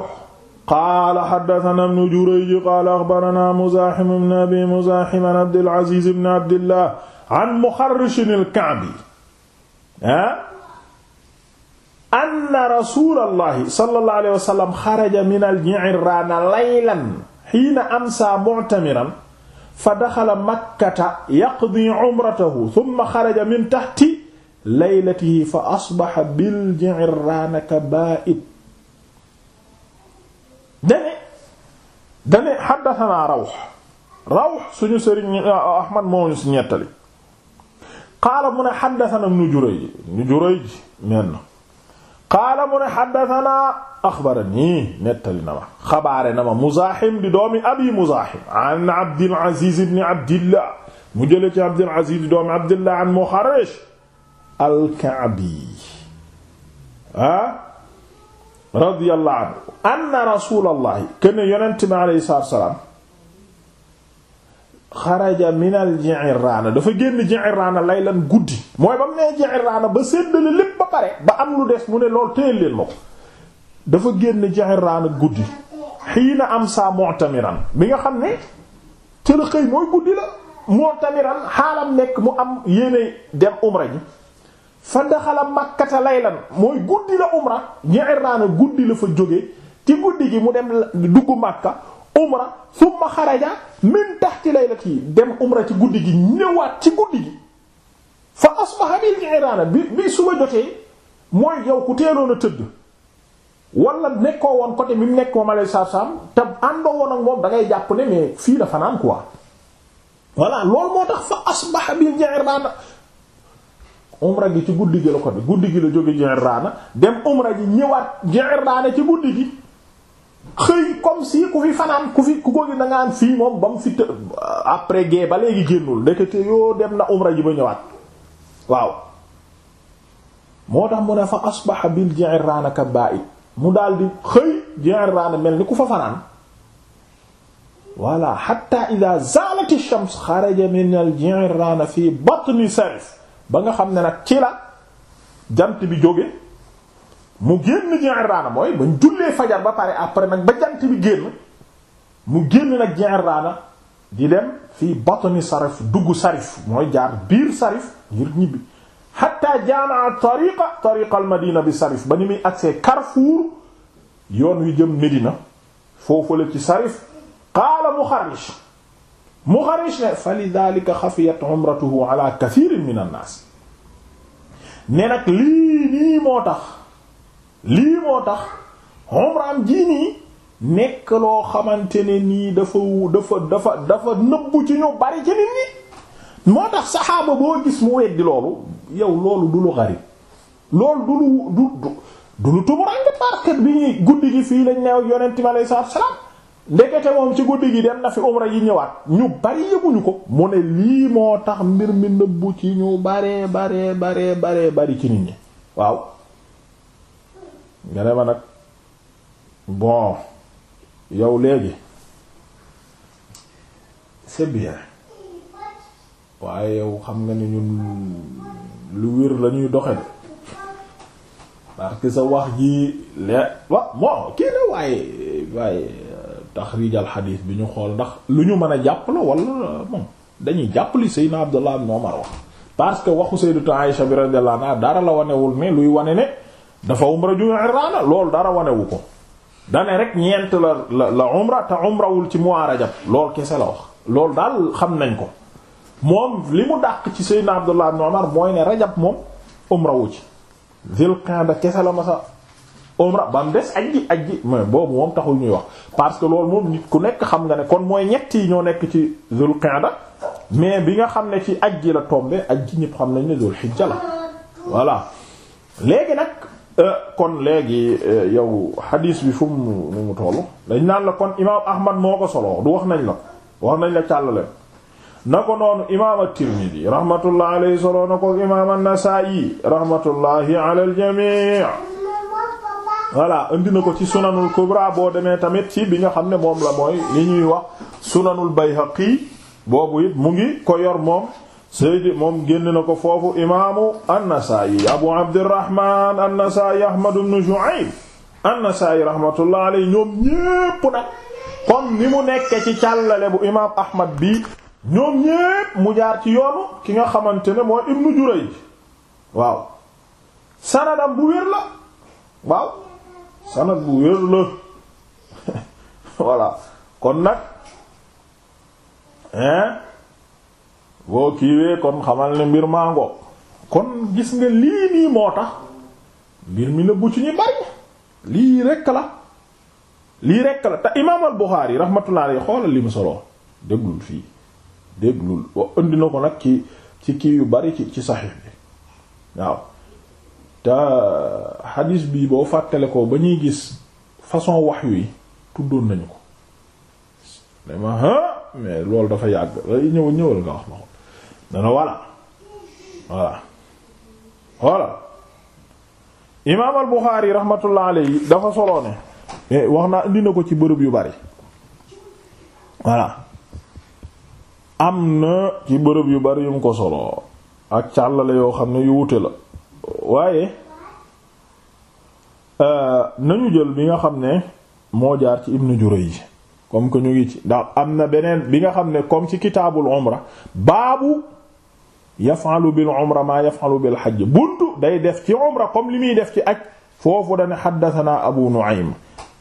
qaala xaddasanaa ibnu jurayj qaala axbaranaa muzaahim ibnu abi muzaahim an abdul aziz ibnu abdillah an muxarrishin al-ka'bi ha anna rasulallahi sallallahu alayhi wa sallam xaraja min al-Ji'irraana laylan hiina amsaa mu'tamiran fa daxala makkata yaqdi umratahu thumma xaraja min tahti laylatihi fa asbaha bil Ji'irraana ka baa'id dane dane haddathanaa Rawh Rawh suñu sëriñ uh, Ahmad moo ñu si ñettali qaala mu ne haddathanaa Ibnu Jurayj Ibnu Jurayj qaala mu ne xaddatanaa axbarani nettali na ma xabaare na ma Muzaaxim di doomi abi Muzaaxim an Abdil Aziz ibn Abdillah mu jële ci Abdil Aziz di doomi Abdillah an Muxarrish al-Ka'bi ah radiyallahu anhu anna rasuulallahi kaana yonent bi alayhi salaatu wa salaam xaraja minal Ji'irraana dafa génn Ji'irraana laylan guddi mooy ba mu nee Ji'irraana ba séddale lépp ba pare ba am lu des mu ne lool téye leen ma ko dafa génn Ji'irraana guddi xiina am saa mu'tamiran bi nga xam ne cër xëy mooy guddi la mu'tamiran xaalam nekk mu am yéene dem umra ji fa daxala makkata laylan mooy guddi la umra Ji'irraana guddi la fa jóge ci guddi gi mu dem dugg Makka umra summa xaraja min tahti laylati dem umra ci guddi gi ñëwaat ci guddi gi fa asbaha bil ji'rana bi bi suba jotee mooy yow ku teeloon a tëdd wala nekkoo woon côté bi mu nekk moom alei satu salaam te àndoo woon ak moom da jàpp ne mais fii la fanaan quoi voilà loolu moo tax fa asbaha bil ji'rana umra gi ci guddi gi la ko bi guddi gi la jóge ji'rana dem umra gi ñëwaat ji'rana ci guddi gi xëy comme si ku fi fanaan ku fi ku ko gi da fii moom ba mu fi après guerre ba léegi génnul ndekete yoo dem na umra ji ba ñëwaat waaw moo tax mu ne fa asbaha bil Ji'irraana ka ba'i mu daal di xëy Ji'irraana mel ni ku fa fanaan voilà hatta idha zalat ash-shams xaraja min al-Ji'irraana batni Sarif ba nga xam ne nag ci la jant bi jóge mu génn Ji'irraana mooy bañ jullee fajar ba pare après nag ba jant bi génn mu génn nag Ji'irraana di dem fii batni sarif dugg sarif mooy jaar biir sarif ngir ñibbi hatta jamaa tariqa tariqa al madina bi sarif ba ni muy agsee Carrefour yoon wi jëm Medina foofu la ci sarif qaala Muxarrish Muxarrish ne fa lidaalika xafiyat umratuhu ala kathirin min an naas ne nag lii nii moo tax lii moo tax umraam jii nii nekk loo xamante ne nii dafa dafa dafa dafa nëbbu ci ñu bari ci nit ñi moo tax saxaaba boo gis mu weddi loolu yow loolu du lu xarib loolu du lu du lu tumurange parce bi ñuy guddi gi fii lañ neew yonent bi alayhi salaatu salaam ndekete moom ci guddi gi dem na fi umra yi ñëwaat ñu bari yëguñu ko mu ne lii moo tax mbir mi nëbbu ci ñu bare bare baree bare bari ci nit ñi waaw nga ne ma nag bon yow léegi c'est bien waaye yow xam nga ni ñun lu wér la ñuy doxe parce que sa wax ji le wa bon kii na waaye waaye taxrijal xadiis bi ñu xool ndax lu ñu mën a jàpp la wala moom dañuy jàpp li Seydina Abdullah ibn Umar wax parce que waxu Sayyidatu Aïsha bi radiyallahu anha dara la wanewul ne luy wane ne dafa umra ju Irana loolu dara wanewu ko dane rek ñeent la la la umra te umrawul ci mois rajab loolu kese la wax loolu daal xam nañ ko moom li mu dàq ci Seydina Abdullah ibn Umar mooy ne rajab moom umrawu ci Zil Qa'da kese la ma sa umra ba mu des ajji ajji mais boobu moom taxul ñuy wax parce que loolu moom nit ku nekk xam nga ne kon mooy ñett yi ñoo nekk ci Zul Qa'da mais bi nga xam ne ci ajji la ak ji ñëpp xam nañ ne Zul Hijja la voilà Euh, kon léegi euh, yow xadiis bi fu mu nu mu toll dañ naan la kon imaam ahmad moo ko solo du wax nañ la wax nañ la càllale na ko noonu imaam at-Tirmidhi rahmatullah alayhi solo na ko imaam an-Nasa'i rahmatullahi ala al-jami' voilà indi na ko ci sunanul kubra boo demee tamit ci bi nga xam ne moom la mooy li ñuy wax sunanul bayhaqi boobu it mu ngi ko yor moom Seydi moom génn na ko foofu imaamu An-Nasaa'i Abu Abdirrahmaan An-Nasaa'i Ahmad ibn Shu'ayb An-Nasaa'i rahmatullah alayhi ñoom ñépp nag comme ni mu nekk ci càllale bu imaam Ahmad bi ñoom ñépp mu jaar ci yoonu ki nga xamante ne mooy Ibnu Jurayj waaw sanadam bu wér la waaw sanad bu wér la kon nag hein boo kiiwee kon xamal ne mbir mango kon gis nga lii nii moo tax mbir mi nëbbu ci ñu bari lii rekk la lii rekk la te imaam al Buxaari rahmatullah xoolal li mu solo déglul fii déglul indi na ko nag ci ci kii yu bari ci ci saxiix bi waaw te xadiis bi boo fàttale ko ba ñuy gis façon wax yi tuddoon nañu ko dama ha mais loolu dafa yàgg ñëw ñëwal nga wax ma dana voilà voilà voilà imaam al Buxaari rahmatullah alayhi dafa solo eh, wax naa indi na ko ci bërëb yu bari voilà am na ci bërëb yu bari yu mu ko solo ak càllale yoo xam ne yu wute la waaye euh, nañu jël bi nga xam ne moo jaar ci Ibnu Jurayj comme que ñu ngi ci ndax am na beneen bi nga xam ne comme ci kitaabul umra baabu yaf'alu bil umra maa yaf'alu bil hajj buntu day def ci umra comme li muy def ci aj foofu dane haddathana abu nu'aym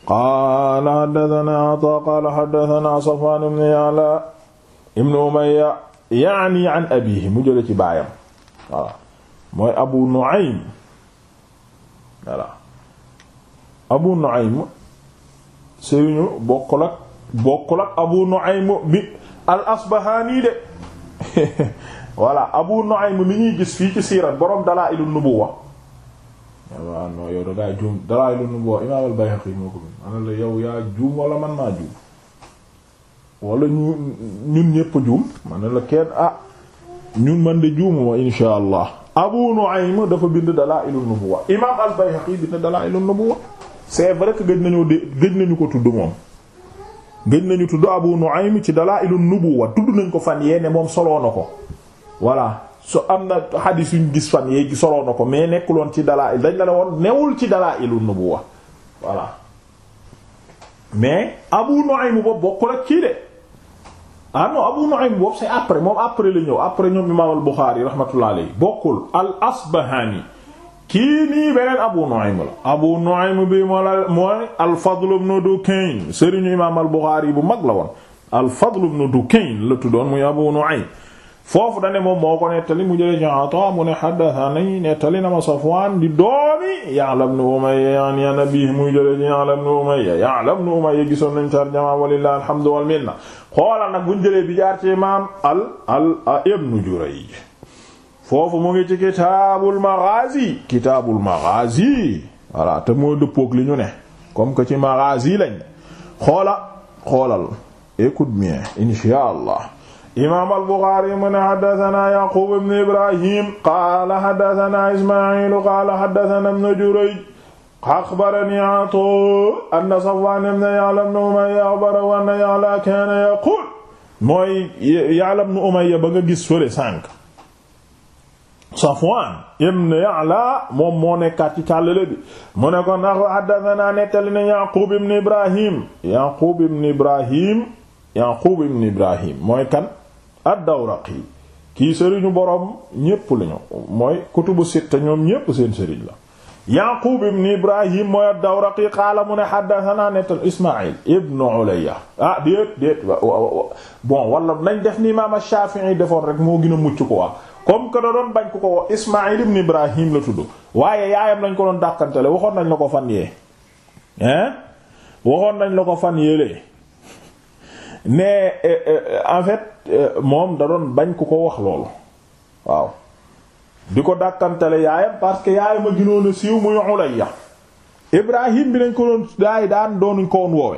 qaala haddathana ata qaala haddathana safwan ibn ya'la ibn umayya yaani an abiihi mu jële ci baayam voilà mooy abu nu'aym voilà abu nu'aym sëriñu bokkul ak bokkul ak abu nu'aym bi al asbahaani de voilà Abu Nu'aym mi ñuy gis fii ci siirat borom Dalaa'ilun Nubuwwa waaw non yow da ngaa juum Dalaa'ilun Nubuwwa Imaam al moo ko bind la man maa juum wala ñu ñun ñépp juum ma ne la kenn ah ñun man de juumuma insha Abu Nu'aym dafa bind Dalaa'ilun Nubuwwa Imaam al-Bayhaqi bind Dalaa'ilun Nubuwwa c'est vrai que gëj nañoo de gëj nañu ko tudd moom gëj nañu tudd Abu Nu'aym ci Dalaa'ilun Nubuwwa tudd nañ ko fan yee moom soloo na ko. voilà su am na xadiis gis fan yéegi soloo ko mais nekkuloon ci dalaa'il dañ la ne woon newul ci dalaa'ilu nubuwa voilà mais Abu Nu'aym boobu bokkul ak kii de ah non Abu Nu'aym boobu c'est après moom après la ñëw après ñoom imaam al-Bukhari rahmatullah bokkul al-Asbahani kii nii beneen Abu Nu'aym la Abu Nu'aym bi moo la mooy al-Fadl ibn Dukayn sëriñu imaam al bu mag la woon al-Fadl ibn Dukayn la tuddoon muy Abu Nu'aym foofu dane moom moo ko nettali mu jëlee ci Ata mu ne haddathani nettali na ma Safwan di doomi Ya'la ibn Umayya yani an abiihi muy jëlee ci Ya'la ibn Umayya Ya'la ibn Umayya gisoon nañ tarjama walillahi alhamdu wal minna xoolal nag jëlee bi jaar ci imaam al al ibn foofu mu ngi ci kitaabul maghazi kitaabul maghazi voilà te moo dëppook li ñu ne comme que ci maghazi lañ xoola xoolal écoute bien insha Allah imaam al-Buxaari mu ne xaddasanaa Yaquub ibn Ibrahim qaala xaddasanaa Ismaa'iil qaala xaddasanaa ibn Jurayj axbaranii Ataa anna Safwaan ibn Ya'la ibn Umayya axbarahu anna Ya'la kaana yaquul mooy Ya'la ibn Umayya ba nga gis fële sànq Safwaan ibn Ya'la moom moo nekkaat ci càllale bi mu ne kon ndax xaddasanaa nettali na Yaquub ibn Ibrahim Yaquub ibn Ibrahim Yaquub ibn Ibrahim mooy kan ad-Dawraqi kii sëriñu boroom ñépp lañu mooy kutubu sitta ñoom ñépp seen sëriñ la Yaqub ibn Ibrahim mooy ad-Dawraqi qaala mu ne haddathana nettal Ismaïl ibn Ulayya ah déet déet bon wala nañ def ni imaam Shafi'i defoon rek moo gën mucc ko waa comme que da doon bañ ko ko wax Ismaïl ibn Ibrahim la tudd waaye yaayam lañ ko doon dàqantale waxoon nañ la ko fan yee hein waxoon nañ la ko fan yéelee mais euh, euh, en fait euh, moom da doon bañ ku ko wax loolu waaw di ko dàkkantale yaayam parce que yaayam a ginoon a siiw muy Ulayya Ibrahim bi nañ ko doon daay daan doonuñ ko woon woowe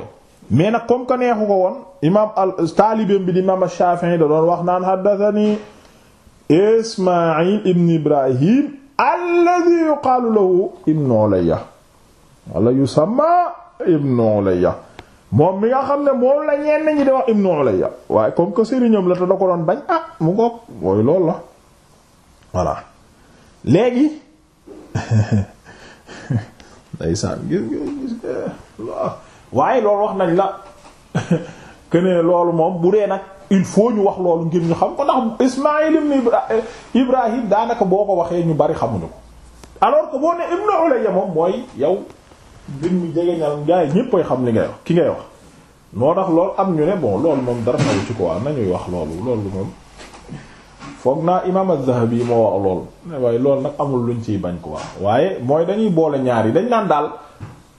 mais nag comme que neexu ko woon imaam al taalibeem bi di imaam Shafi'i da doon wax naan haddathani Ismaïl ibn Ibrahim alladhi yuqaalu lahu ibn Ulayya wala yusamma ibn Ulayya moom mi nga xam ne moom la ñenn ñi di wax Ibnu Ulayya waaye comme que sëriñam la te da ko doon bañ ah mu ngoog mooy loolu la voilà léegi ndeysaan gis gis waaye loolu wax nañ la que ne loolu moom bu dee nag il faut ñu wax loolu ngir ñu xam ko ndax Ismaïl ibn eh, Ibrahim daanaka boo ko waxee ñu bari xamuñu ko alors que boo ne Ibnu Ulayya moom mooy yow mbir mi jegeñal gaa yi ñépp ay xam li ngay wax ki ngay wax noo tax lool am ñu ne bon lool moom dara xaw ci quoi nañuy wax lool loolu moom foog naa imaam az-Zahabi moo wax loolu waaye loolu nag amul lu luñ ciy bañ ko quoi waaye mooy dañuy boole ñaar yi dañ naan daal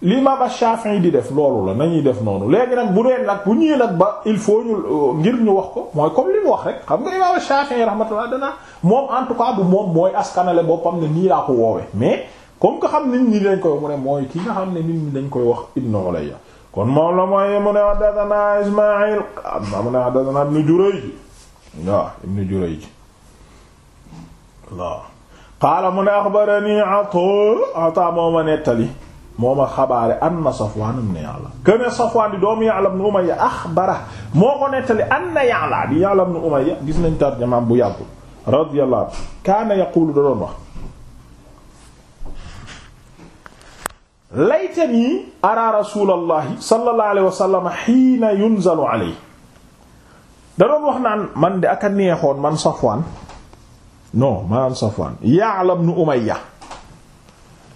li imaam as-Shafi'i di def loolu la nañuy def noonu léegi nag bu dee nag bu ñëwee nag ba il faut ñu euh, ngir ñu wax ko mooy comme li mu wax rek xam nga imaam as-Shafi'i rahmatullah dana moom en tout cas moom mooy askanale boppam ne nii laa ko woowe mais comme que xam nit ñi dañ ki nga xam ne nit ñi dañ koy wax Ibn Ulayya kon moom la mooy mu ne haddathana Ismaïl am mu Ibn Jurayj waaw Ibn Jurayj Ataa Ataa moo nettali moo ma xabaare anna Safwaan ibn Ya'la kene Safwaan di doomu Ya'la ibn Umayya axbara moo ko nettali anna Ya'la di Ya'la ibn Umayya gis nañ tarjamaam bu yàggu radiyallahu anhu kaana yaquulu da doon wax laytanii ara rasulallahi sallallahu alayhi wa sallam xiina yunzalu alayhi da wax naan man de aka neexoon man Safwaan non man Safwaan Ya'la ibn Umayya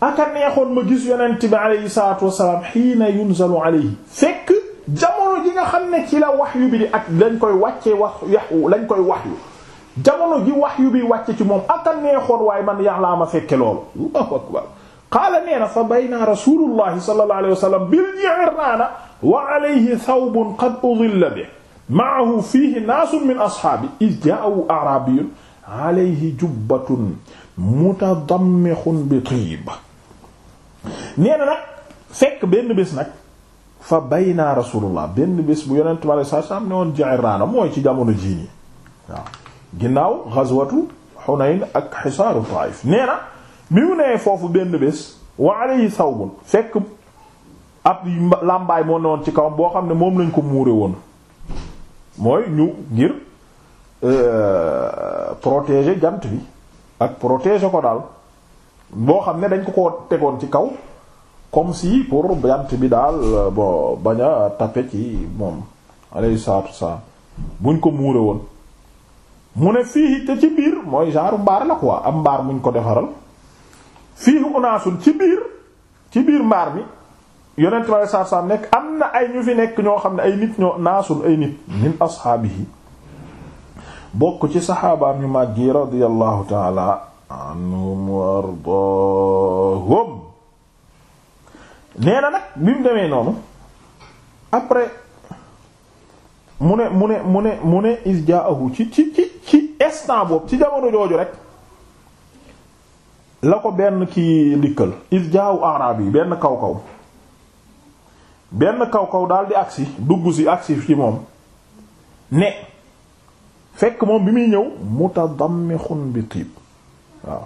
aka neexoon ma gis yonent bi alayhi salaatu wasalaam xiina yunzalu alayhi fekk jamono ji nga xam ne ci la waxyu bi ak lañ koy wàccee wax yaxu lañ koy waxyu jamono ji waxyu bi wàcce ci moom aka neexoon waaye man Ya'la ma fekke loolu qaala nee na fa bayna rasulullahi sallallahu alayhi wa sallam bil ji'irraana wa alayhi thawbun qad udilla bihi ma'ahu fiihi naasun min ashaabi iz jaa'ahu a'raabiyyun alayhi jubbatun mutadammixun bi tiib nee na nag fekk benn bés nag fa bayna rasulullah benn bés bu yonent bi sallallahu alayhi wa sallam ne woon Ji'irraana mooy ci jamono jii nii waaw ginnaaw ghazwatu Hunayn ak xisaaru Taayif nee na bi mu nee foofu benn bés wa alayhi sawbun fekk ab làmbaay moo woon ci kawam boo xam ne moom lañ ko muure woon mooy ñu ngir euh, protéger jant bi ak protéger ko daal boo xam ne dañ ko ko tegoon ci kaw comme si pour jant bi daal euh, bon bañ a tape ci moom alayhi salaatu wasalaam buñ ko muure woon mu ne fii te ci biir mooy genre mbaar la quoi am mbaar muñ ko defaral fii unaasun ci biir ci biir mbaar mi yonent bi saaf saaf nekk am na ay ñu fi nekk ñoo xam ne ay nit ñoo naasul ay nit min ashaabihi bokk ci saxaabaam yu màgg yi radiyallahu taala anhum wa nag bi mu demee noonu après mu ne mu ne mu ne mu ne is jaahu ci ci ci ci instant boobu ci jamono jooju rek la ko benn ki dikkal is jaawu araab yi benn kaw kaw benn kaw kaw daal di agsi dugg si agsi ci moom ne fekk moom bi muy ñëw mutadammixun bi tiib waaw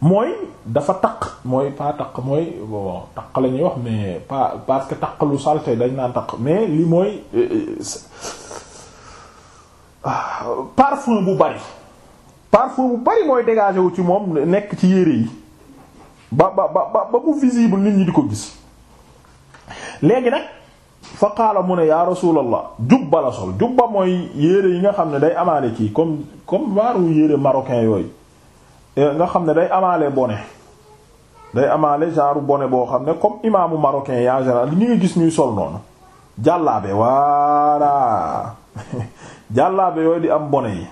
mooy dafa taq mooy pas taq mooy bon taq la ñuy wax mais pas parce que taq lu saleté dañ naan taq mais li mooy euh, euh, ah, parfum bu bari parfois bu bari mooy dégagé wu ci moom nekk ci yére yi ba ba ba ba bu visible nit ñi di ko gis léegi nag fa qaala mu ne yaa rasulallah jubba la sol jubba mooy yére yi nga xam ne day amaale kii comme comme waaru yére marocain yooyu eh, nga xam ne day amaale bonnet day amaale genre bone boo xam ne comme imaamu marocain yi en général li nga gis ñuy sol noonu jàllaabe waala jàllaabe yooyu di am bonnet yi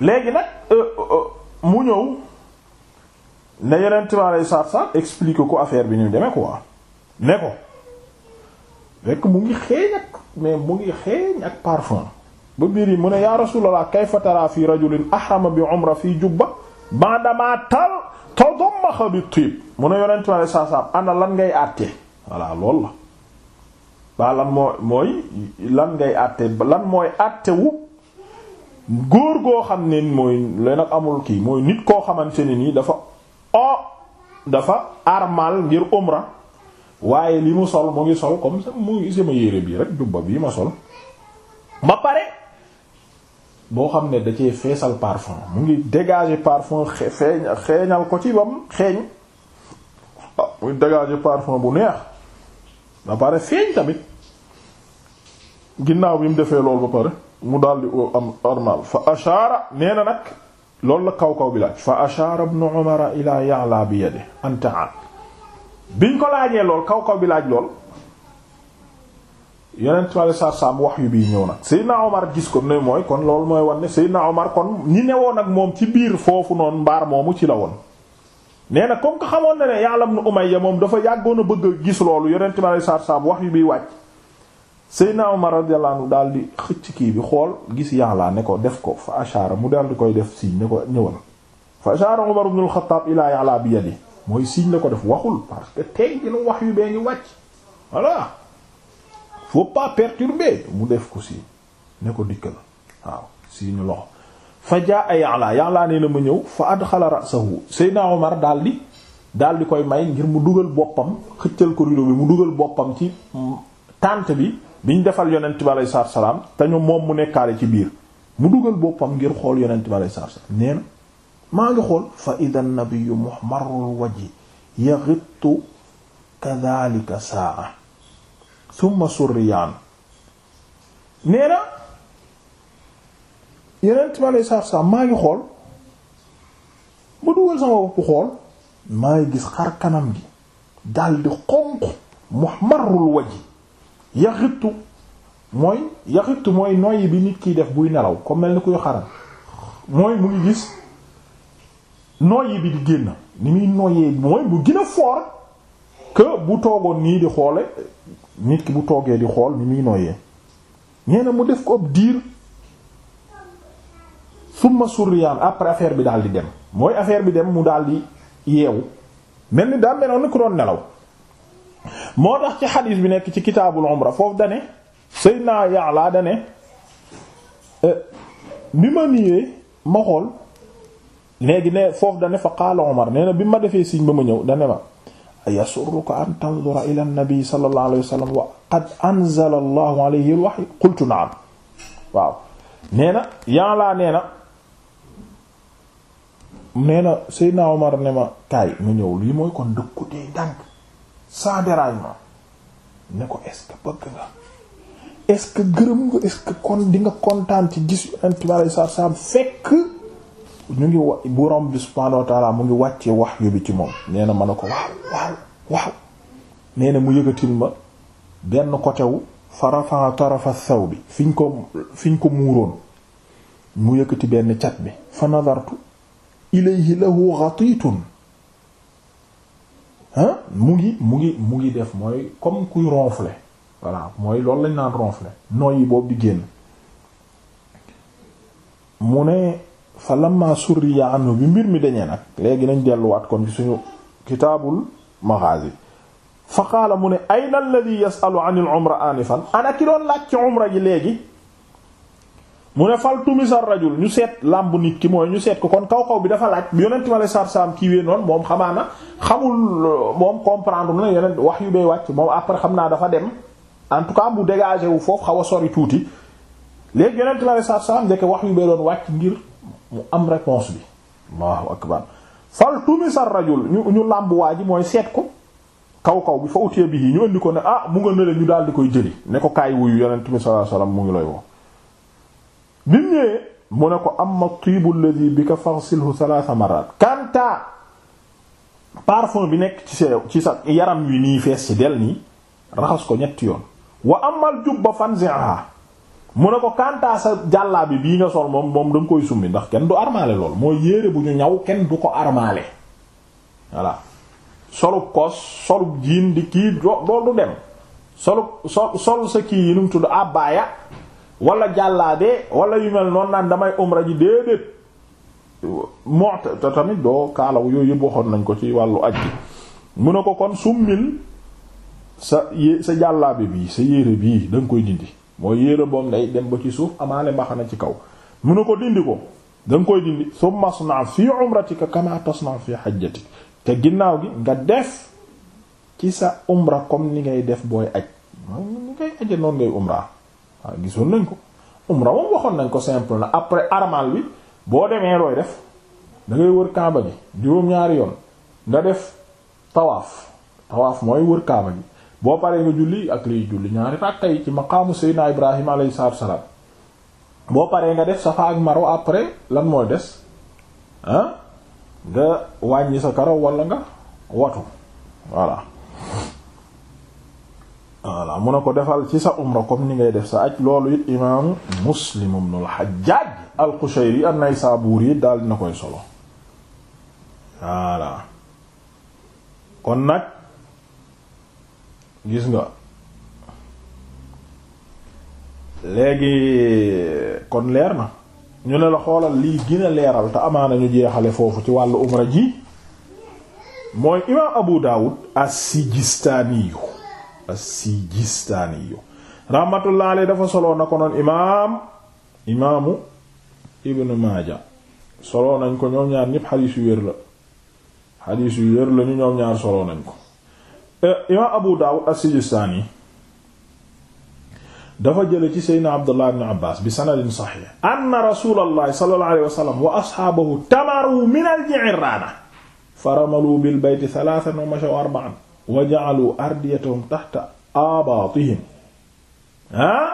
léegi nag euh, euh, mu ñëw ne yeneen tubaab lay saat saat explique ko affaire bi ñuy mu demee quoi ne ko rekk mu ngi xeeñ ak mais mu ngi xeeñ ak parfum ba biir yi mu ne yaa rasulallah kayfa tara fi rajulin ahrama bi umra fi jubba bandama tal todammaxa bi tiib mu ne yonent ma le saasaam lan ngay àtte voilà loolu la baa lan moo mooy lan ngay àtte lan mooy àttewu góor goo xam ne mooy leen ak amul kii mooy nit koo xamante ne nii dafa o oh, dafa armal ngir umra waaye li mu sol mu ngi sol comme ça mu ngi sama yére bii rek jubba bii ma sol ba pare boo xam ne da cee feesal parfum mu ngi dégager parfum xeeñ xeeñal ko ci bam xeeñ ah muy dégager parfum bu neex ba pare feeñ tamit ginnaaw bi mu defee loolu ba pare mu daldi am ormal fa ashaara nee na nag loolu la kaw kaw bi laaj fa ashaara ibnu umara ila ya'la bi yadihi bi biñ ko laajee lool kaw kaw bi laaj lool yeneen tubaab saar saam wax yu bii ñëw nag Seydina Omar gis ko ne mooy kon loolu mooy wan ne Seydina Omar kon ñi newoon ak moom ci biir foofu noonu mbaar moomu ci la woon. nee na comme que xamoon na ne Ya'la ibn Umayya moom dafa yàggoon a bëgg a gis loolu yeneen tubaab saar saam wax yu bii wàcc. Seydina Omar radiyallahu anhu daal di xëcc kii bi xool gis Ya'la ne ko def ko fa ashara mu daal di koy def signe ne ko ñëwal fa ashara Umar ibn al-Khattab ila Ya'la bi yadi mooy signe la ko def waxul parce que tey dina wax yu bee ngi wàcc voilà faut pas perturber mu def ko signe ne ko dikkal waaw signe loxo fa jaa a Ya'la Ya'la nee na ma ñëw fa adxala ra'sahu Seydina Omar daal di daal di koy may ngir mu dugal boppam xëccal ko rido bi mu dugal boppam ci tànt bi biñ defal yonent bi alayhi salaatu salaam te ñu moom mu nekkaale ci biir mu dugal boppam ngir xool yonent bi alayhi salaatu salaam nee na maa ngi xool fa ida nabiyyu muhmarul wajhi yaghittu kadhalika sa'a thumma surriyaan nee maa ngi xool mu dugal sama bopp xool maa ngi gis xar kanam gi daldi xonq muhmarul wajhi yaxitu mooy yaxitu mooy noyyi bi nit kiy def buy nelaw ko mel ni kuy xaram mooy mu ngi gis noyyi bi di génn ni muy noyyee mooy bu gën a fort que bu toogoon nii di xoole nit ki bu toogee di xool ni muy noyyee nee mu def ko ab diir summa surriyaan après affaire bi daal di dem mooy affaire bi dem mu daal di yeewu mel ni daa meloon ni ku doon nelaw moo tax ci xadiis bi nekk ci kitaabul umra foofu dane Seydina Ya'la dane eh, bi ma niwee ma xool léegi ne foofu dane fa qaala Umar nee bi ma defee signe ba ma ñëw dane ma yasurruka an tanzura ila an-nabi sallallahu na na nee na Seydina Umar ne ma kaay ma ñëw lii mooy kon dëkkutee dànk sans dérangement ni ko est-ce que bëgg nga est gërëm nga est-ce que kon di nga kontaan ci gis Yonent bi alayhi salaatu salaam fekk ñu ngi wa borom bi subhaanahu mu ngi wàccee wahyu bi ci moom nee na ma ne ko waaw waaw waaw nee mu yëgatil ma benn côté wu fa rafa'a tarafa saw bi fi ñu ko fi ñu ko muuroon mu yëkkati benn cat bi fa nadartu ilayhi lahu ghatitun mu ngi mu ngi mu ngi def mooy comme kuy ronfler voilà mooy loolu lañ naan ronfler noyyi boobu di génn mu ne fa lamma surriya anhu bi mbir mi dañee nag léegi nañ delluwaat kon ci suñu kitaabul maghazi fa qaala mu ne ayna alladhi yas'alu 'anil umra anifan ana ki doon laaj ci umra ji léegi mu ne fal tumisar rajul ñu seet làmb nit ki mooy ñu seet ko kon kaw kaw bi dafa laaj yonent ma lay sarsam kiiwee noonu moom xamaa na xamul moom comprendre na yonent wax yu bay wàcc moom après xam naa dafa dem en tout cas bu dégagé wu foofu xaw a sori tuuti léegi yonent ma lay sarsam ndeke wax yu bay doon wàcc ngir mu am réponse bi allahu akbar fal tumisar rajul ñu ñu làmb waa ji mooy seet ko kaw kaw bi fa utee bi ñu indi ko ne ah mu ng nële ñu di koy jëli ne ko kaay wuyu yonent mi sallallahu alayhi wasallam mu ngi lay bi mu ñëwee mu ne ko amma tiibu alladhi bika faghsilhu thalatha marrat kanta parfum bi nekk ci sew ci sa yaram wi nii fees ci del nii raxas ko ñetti yoon wa amal jubba fanzi'ha mu ne ko kanta sa jàllaabi bii nga sol moom moom danga koy summi ndax kenn du armaale lool mooy yére bu ñu ñaw kenn du ko armaale voilà solub kos solub jiin di kii loolu du dem solub sol sol sa kii yi nu mu tudd abbaaya wala jàllaabee wala yu mel noonu naan damay umra ji déedéet moo te tamit doo kaalaw yooyu yëpp waxoon nañ ko ci wàllu aj bi mu ne ko kon summil sa yé sa jàllaabe bii sa yére bii da koy dindi mooy yére boom day dem ba ci suuf amaale mbaxana ci kaw mu ne ko dindi ko da koy dindi summa sna fi umratika kama tasna fi hajjatik te ginnaaw gi nga def ci sa umra comme ni ngay def booy aj ni ngay aje noonu ngay umra waa ah, gisoon nañ ko umra moom waxoon nañ ko simple na après armal bi boo demee looy def da ngay wër kaaba gi juróom-ñaari yoon nga def tawaaf tawaaf mooy wër kaaba gi boo paree nga julli ak liy julli ñaari ràkka yi ci maqaamu seydina ibrahima alayhi salaatu wassalaam boo paree nga def safa ak marwa après lan mooy des ah nga wàññi sa karaw walla nga watu voilà voilà mun a ko defal ci sa umra comme ni ngay def sa aj loolu it imaamu muslim ibnul xajjaaj al qushayri an-naysaburi daal na koy solo voilà kon nag gis nga léegi kon leer na ñu ne la xoolal lii gën leeral te amaana ñu jeexale foofu ci wàllu umra ji mooy imaam abu daawud as-sijistaaniyu as-Sijistaani rahmatullahi dafa solo na ko noon imaam imaamu Ibn Maaja solo nañ ko ñoom ñaar ñépp xadiis yu la xadiis yu wér ñoom ñaar solo nañ ko eh, imaam Abu Daawud as-Sijistaani dafa jële ci seydna Abdullah ibn Abbaas bi sanadin saxiix anna rasuulallahi sallallahu alayhi wa wa ashaabahu tamaru min al-Ji'irraana faramalu bil bayti salaasan wa arba'an wa ja'alu ardiyatahum tahta abaatihim ah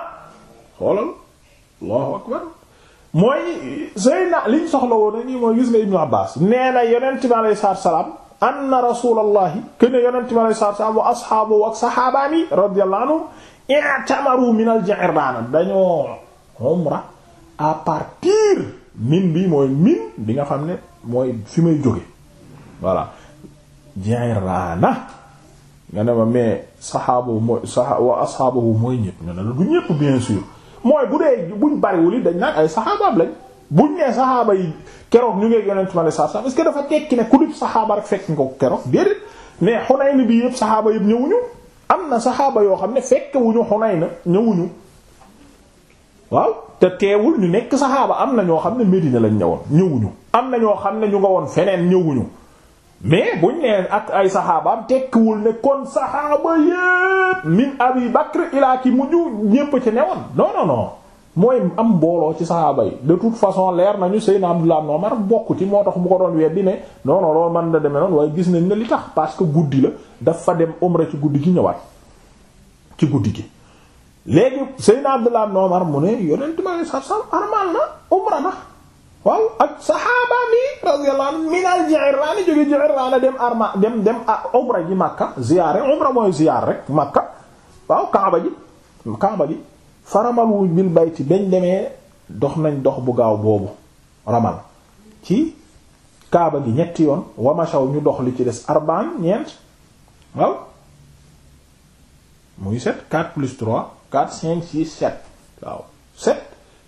xoolal allahu akbar mooy Seyna liñ soxla woon nii mooy gis nga Ibnu Abbaas nee na yonent bi alayhi salaatu rasulallahi këne yonent bi alayhi salaatu salaam wa ashaabu ak saxaabaani radiyallahu anhum min al dañoo umra partir min bi mooy min bi nga xam ne mooy fi may jóge voilà Ji'irraana nga ne mais saxaabu mooy saxa wa asxaabahu mooy ñëpp nga ne la ñëpp bien sûr mooy bu dee buñ bariwul yi dañ naan ay saxaabaam lañ buñ nee saxaaba yi keroog ñu ngi yonent ma saa saa est-ce que dafa tekki ku dib saxaaba fekk nga ko keroog déedéet mais Xunayn bi yëpp saxaaba yëpp ñëwuñu am na saxaaba yoo xam ne fekkewuñu Xunayn ñëwuñu waaw te teewul ñu nekk saxaaba am na ñoo xam ne Medina lañ ñëwoon ñëwuñu am na ñoo xam ne ñu nga woon feneen ñëwuñu mais buñ nee ak ay saxaabaam tekkiwul ne kon saxaaba yépp min abi bakr ilaa ki mujj ñépp ci ne non non non mooy am mbooloo ci saxaaba yi de toute façon leer na nañu Seydina Abdullah ibn Umar bokku ci moo tax mu ko doon weddi ne non non loolu man na demee noonu waaye gis nañ ne li tax parce que guddi la dafa dem umra ci guddi gi ñëwaat ci guddi gi léegi Seydina Abdullah ibn Umar mu ne yonent ma ne sax sax armal na umra na waaw ak saxaaba mi radiyallahu anhu minal Ji'irraana jóge Ji'irraana dem arma dem dem ah, umra ji Makka ziyaare umra mooy ziyaar rek Makka waaw Kaaba ji Kaaba ji faramalu bil bayti bañ demee dox nañ dox bu gaaw boobu ramal ci Kaaba gi ñetti yoon wamashaw ñu dox li ci des arba'in ñeent waaw muy 7 4 waaw 7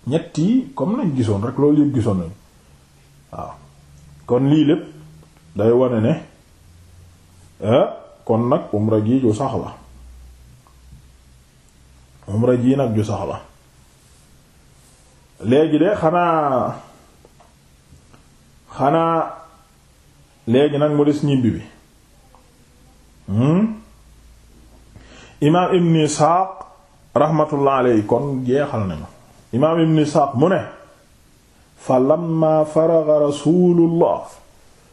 ñett yi comme nañ gisoon rek loolu yëpp gisoon nañ waaw kon lii lépp day wane ne ah, kon nag umra ji ju sax la umra nag ju sax la léegi de xanaa xanaa léegi nag mu des ñibbi bi hmm? imaam ibn Isaaq rahmatullah alayhi kon jeexal nañu imaam ibn Isxaaq mu ne fa lamma faraga rasulullah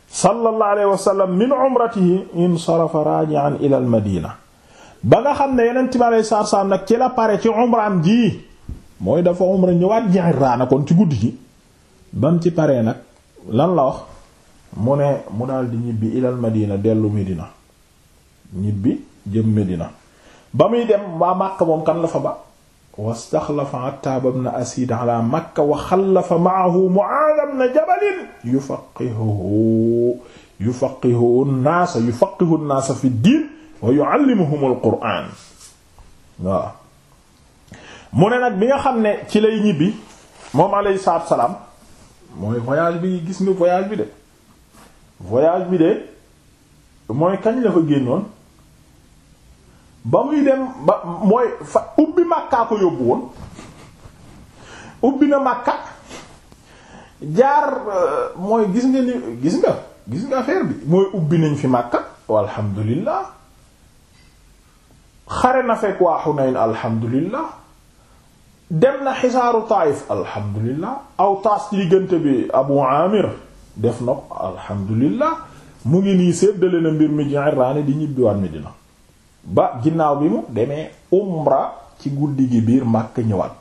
sallallahu alayhi wa sallam min umratihi insarafa raaji'an ila al-madina ba nga xam ne yeneen mi aleyi saatu salaam nag ci la pare ci umraam ji mooy dafa umra ñëwaat Ji'raana kon ci guddi ji bam ci pare nag lan la wax mu ne mu daal di ñibbi ilal Madina dellu Medina ñibbi jëm Medina ba muy dem waa Màkka moom kan la fa ba wastaxlafa Attaab ibn Asiid ala Makka wa xallafa ma'ahu Mu'aaz mu ne nag bi nga xam ne ci lay ñibbi moom alayhi salaatu salaam mooy voyage bi gis nga voyage bi de voyage bi de mooy kañ la fa génnoon ba muy dem ba mooy fa ubbi Makka ko yóbbu woon ubbi na Makka jaar euh, mooy gis nga ni gis nga gis bi mooy ubbi nañ fi Makka alhamdulillah xare na fekk waa Hunayn alhamdulillah dem na xisaaru Taayif alhamdulillah aw taas ci diggante bi Abu Amir def na ko alhamdulillah mu ngi nii séddale na mbir mi Ji'rana di ñibbiwaat Medina ba ginnaaw bi mu demee umra ci guddi gi biir màkk ñëwaat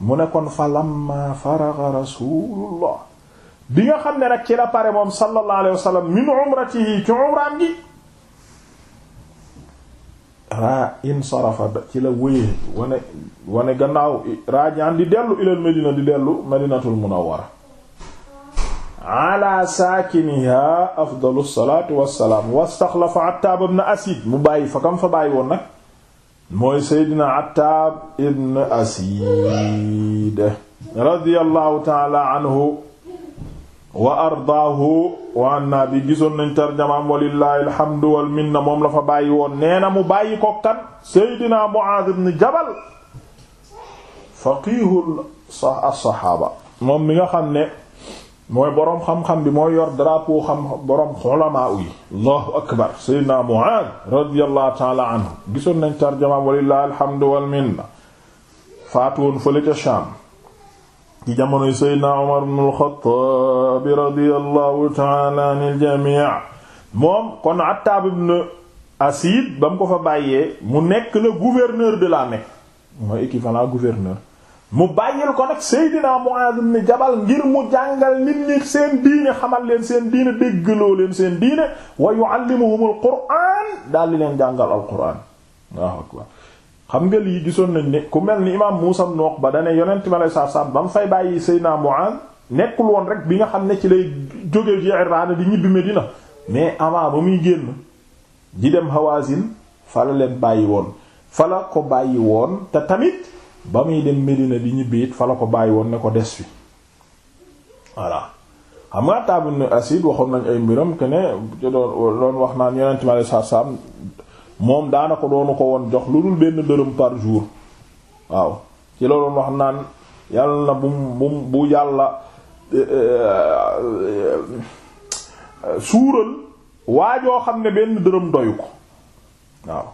mu ne kon fa lamma faraga rasulullah bi nga xam ne nag ci la pare moom sallallahu alayhi wa sallam min umratihi ci umraam gi raa insarafa ci la wéye wane wane gannaaw raajaan di dellu ilal madina di dellu madinatul war ala saakiniha afdalu salaatu wassalaam wastaxlafa Attaab ibn Asiid mu bàyyi fa kam fa bàyyi woon nag mooy Seydina Attaab ibn Asiid radiyallahu taala anhu wa ardaahu wa anna bi gisoon nañ tarjamaam walillahi alhamdu wal minna moom la fa bàyyi woon nee na mu bàyyi ko kan Seydina Muaaz ibn Jabal faqiihul as-saxaaba moom mi nga xam ne mooy boroom xam-xam bi mooy yor drapeau xam boroom xulamaa yi allahu akbar seydina Muaad radiyallahu taala anhu gisoon nañ tarjamaam walillahi alhamdu wal minna faatu woon fële ca Shaam ci jamonoy seydina Umar ibn al-Khattab radiyallahu taala anil jamii moom kon Attaab ibn Asiid ba mu ko fa bàyyee mu nekk le gouverneur de la Mecque mooy équivalent gouverneur mu bàyyil ko nag Seydina Muaaz ibn Jabal ngir mu jàngal nit ñi seen diine xamal leen seen diine déggloo leen seen diine wa yuallimuhumul qur'aan dal di leen jàngal al qur'aan waaw akbar xam nga lii gisoon nañ ne ku mel ni imaam Muusaa ibn Uqba dane yonent ma lay saab-saab ba mu fay bàyyi Seydina Muaaz nekkul woon rek bi nga xam ne ci lay jóge Ji'irraana di ñibbi Medina mais avant ba muy génn di dem Hawaazin fa la leen bàyyi woon fa ko bàyyi te tamit ba muy dem Medina di ñibbi it fa la ko bàyyi woon ne ko des fi voilà xam nga taabun asid waxoon nañ ay mbiram que ne doon wax naan yeneen mi alayhi salaam moom daanaka doonu ko woon jox lu dul benn dërëm par jour waaw ci la wax naan yàlla na bu bu bu yàlla eh, eh, suural joo xam ne benn dërëm doyu ko waaw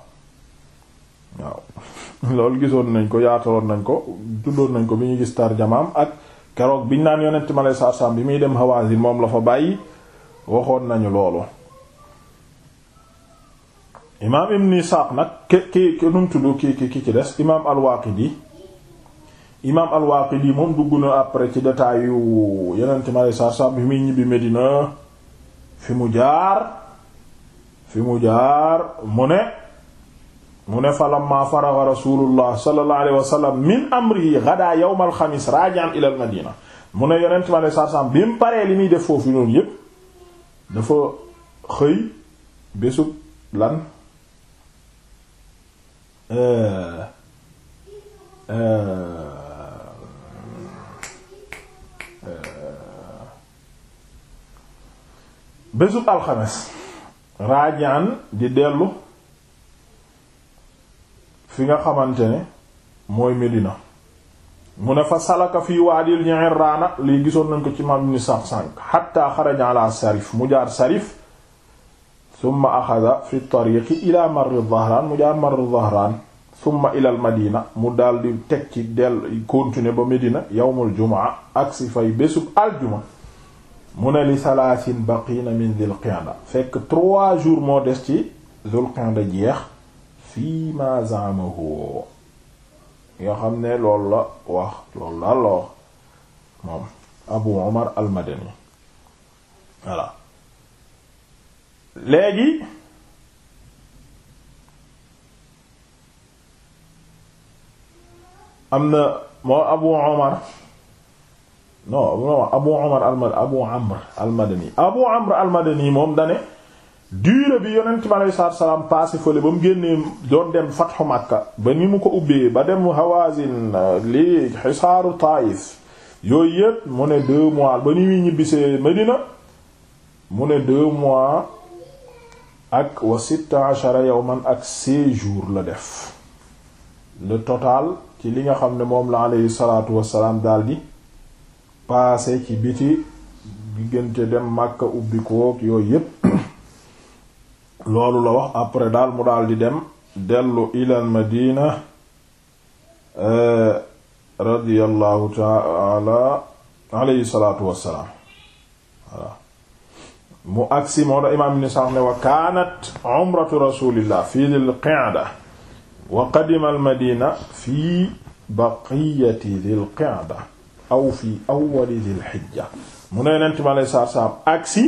waaw loolu gisoon nañ ko yaataloon nañ ko tuddoon nañ ko bi ñu gis tarjamaam ak keroog biñ naan yonent ma lay sarsam bi muy dem Hawazin moom la fa bàyyi waxoon nañu loolu imaam ibn Isaaq nag ki ki ki num tudd ki ki ki ci des imaam al-Waaqidi imaam al-Waaqidi moom dugg na après ci détail yu yonent ma lay sarsam bi muy ñibbi Medina fi mu jaar fi mu jaar mu ne mu ne falamma faraga rasulullah sallallahu alayhi wa sallam min amrihi yi yawm alxamis raji'an ila al madina mu ne yonent mi aleye bi mu paree li muy def foofu noonu yépp dafa xëy bésub lan bésub alxamis raji'an di dellu fi nga xamante ne mooy Medina mu ne fa salaka fii waadil Ji'irraana lii gisoon nañ ko ci mam ni sànq-sànq xatta xaraja ala Sarif mu jaar Sarif summa axada fi tariqi ila Marr Dhahraan mu jaar Marr Dhahraan summa ila al mu dal di teg ci del continuer ba Medina yawmul jumaa aksi fay bésub aljuma mu ne li salaasin baqiina min Dhul Qa'da fekk trois ci Dhul Qa'da jeex fii ma zaamahu nga xam ne lool la wax loolu la wax moom Abu Umar al-Madani voilà am na moo Abu Umar Abu Umar al-Madani Abu Amr al-Madani moom dane durée bi yonent bi aleyhi salaatu salaam passé fële ba mu génnee doon dem fatxu Makka ba ni mu ko ubbee ba dem Hawazin lii xisaaru Taayif yooyu yëpp mu ne deux mois ba ni muy ñibbisee Medina mu ne deux mois ak wa sitta ashara ak seize jours la def le total ci li nga xam ne moom la aleyhi salaatu wa salaam daldi passé ci biti diggante dem Makka ubbi kook yooyu yëpp. loolu la wax après daal mu daal di dem dellu ilal madina euh, radiyallahu taala alayhi salaatu wassalaam voilà mu agsi moo da imaam ibn Sa'd ne wa kaanat umratu rasulillah fi dhil qa'da wa qadima al madina fi baqiyati dhil qa'da aw fi awwali dhil hijja mu ne yonent mi alayhi salaatu wassalaam agsi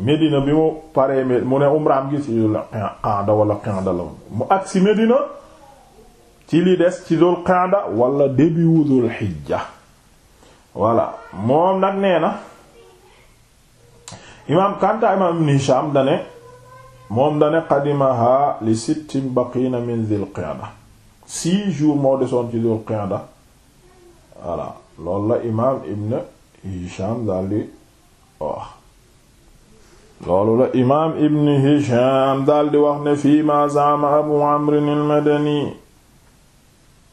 Medina bi mu paree mu ne umraam gi ci Qa'da wala Qa'da la mu agsi Medina ci li des ci Dul Qa'da wala début wu Dul Hijja voilà moom nag nee imaam Kanta imaam Ibn Hisham da ne moom da qadimaha li sittin baqiina min Dul Qa'da six jours moo desoon ci Dul Qa'da voilà loolu la imaam Ibn Hisham daal di loolu la imaam ibn hisham daldi wax ne fii ma zaama abu amr al-madani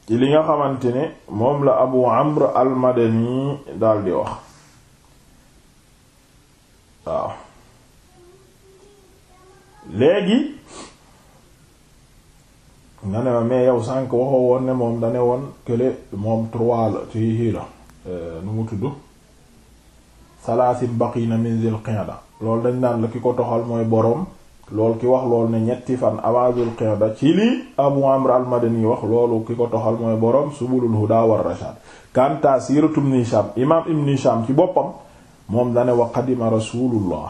ci li nga xamante ne moom la abu amr al-madani daldi wax waaw léegi nga ne ma mais yow sànk waxoo woon ne moom dane woon kële moom trois la ci hii la euh, nu mu tudd salaasin baqiina min zil qinda loolu dañ naan la ki ko toxal mooy boroom lool ki wax lool ne ñetti fan avant zil qinda ci lii abu amr al madani wax loolu ki ko toxal mooy boroom subulul huda war rashad kanta siiratu ibn hisham imam ibn hisham ci boppam moom dane wa qadima rasulullah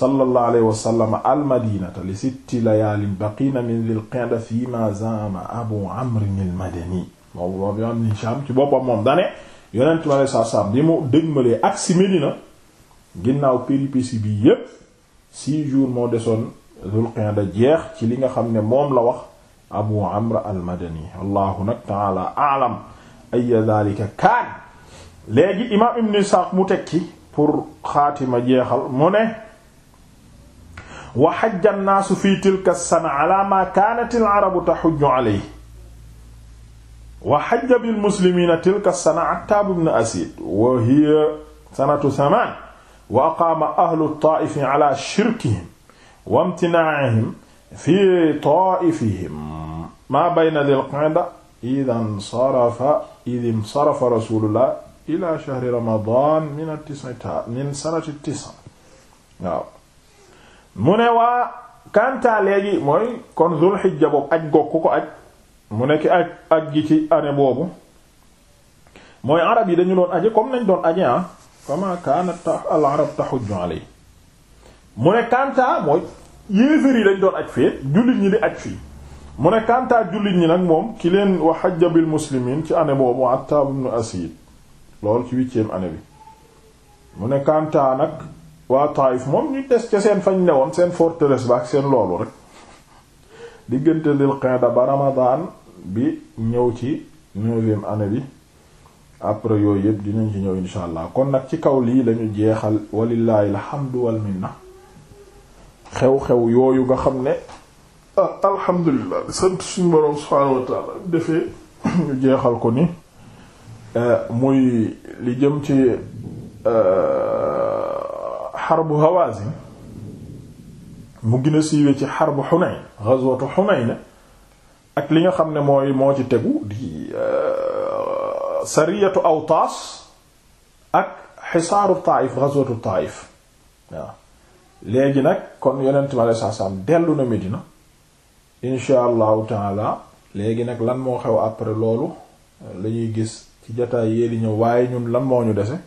sallallahu alayhi wa sallam al madinata li sitti layaalin baqiina min zil qinda fi ma zaama abu amr al madani moom moom imam ci boppam moom dane yonent mi salaam bi mu dëgmalee ak si Medina ginnaaw péripétie bi yépp six jours moo desoon Dhoul Qi'da jeex ci li nga xam ne moom la wax Abu Amr al-Madani allahu nag taala alam ay dhalika kaan léegi imaam Ibn Ishaq mu tekki pour xaatima jeexal mu ne wa hajja an-naasu fi tilka as-sana ala ma kaanat al-arabu tahujju alayhi wa hajja bil muslimina tilka as-sana Attab ibn Asid wa hiya sanatu thamaan wa aqaama ahlu taaifi ala shirkihim wa imtinaa'ihim fi taa'ifihim maa bayna dhil qa'da idan sarafa idim sarafa rasulullah ila shahri ramadan min tis'ata min sanati tis'a waaw mu ne waa kantaa léegi mooy kon zul xijja boobu aj gokku ko aj mu nekk aj aj gi ci année boobu mooy arab yi dañu doon aje comme nañ doon aje ah kama kaanat al arab tahujju alay mu ne kanta mooy yéefér yi doon aj fee jullit ñi di aj fii mu ne kanta jullit ñi nag moom ki leen wa hajja bil muslimin ci année boobu Attab ibn Asid loolu ci huitième année bi mu ne kanta nag waa Taif moom ñu des ca seen fañ newoon seen forteresse ba ak seen loolu rek diggante lil qa'da ba Ramadan bi ñëw ci neuvième année bi après yooyu yëpp dinañ ci ñëw insha allah kon nag ci kaw lii lañu jeexal walillahi alhamdu wal minna xew-xew yooyu nga xam ne ah alhamdulilah sant suñu boroom subhaanahu wa defee ñu jeexal ko ni eh, muy li jëm ci eh, xarbu Hawazin mu gën a siiwee ci xarbu Hunayn ghazwatu Hunayn ak li nga xam ne mooy moo ci tegu eh, sariyatu Awtaas ak xisaaru Taayif ghazwatu Taayif waaw léegi nag kon yonent bi alayhi salaam dellu na Medina insha allahu taala léegi nag lan moo xew après loolu lañuy gis ci jataay yee di ñëw waaye ñun lan moo ñu dese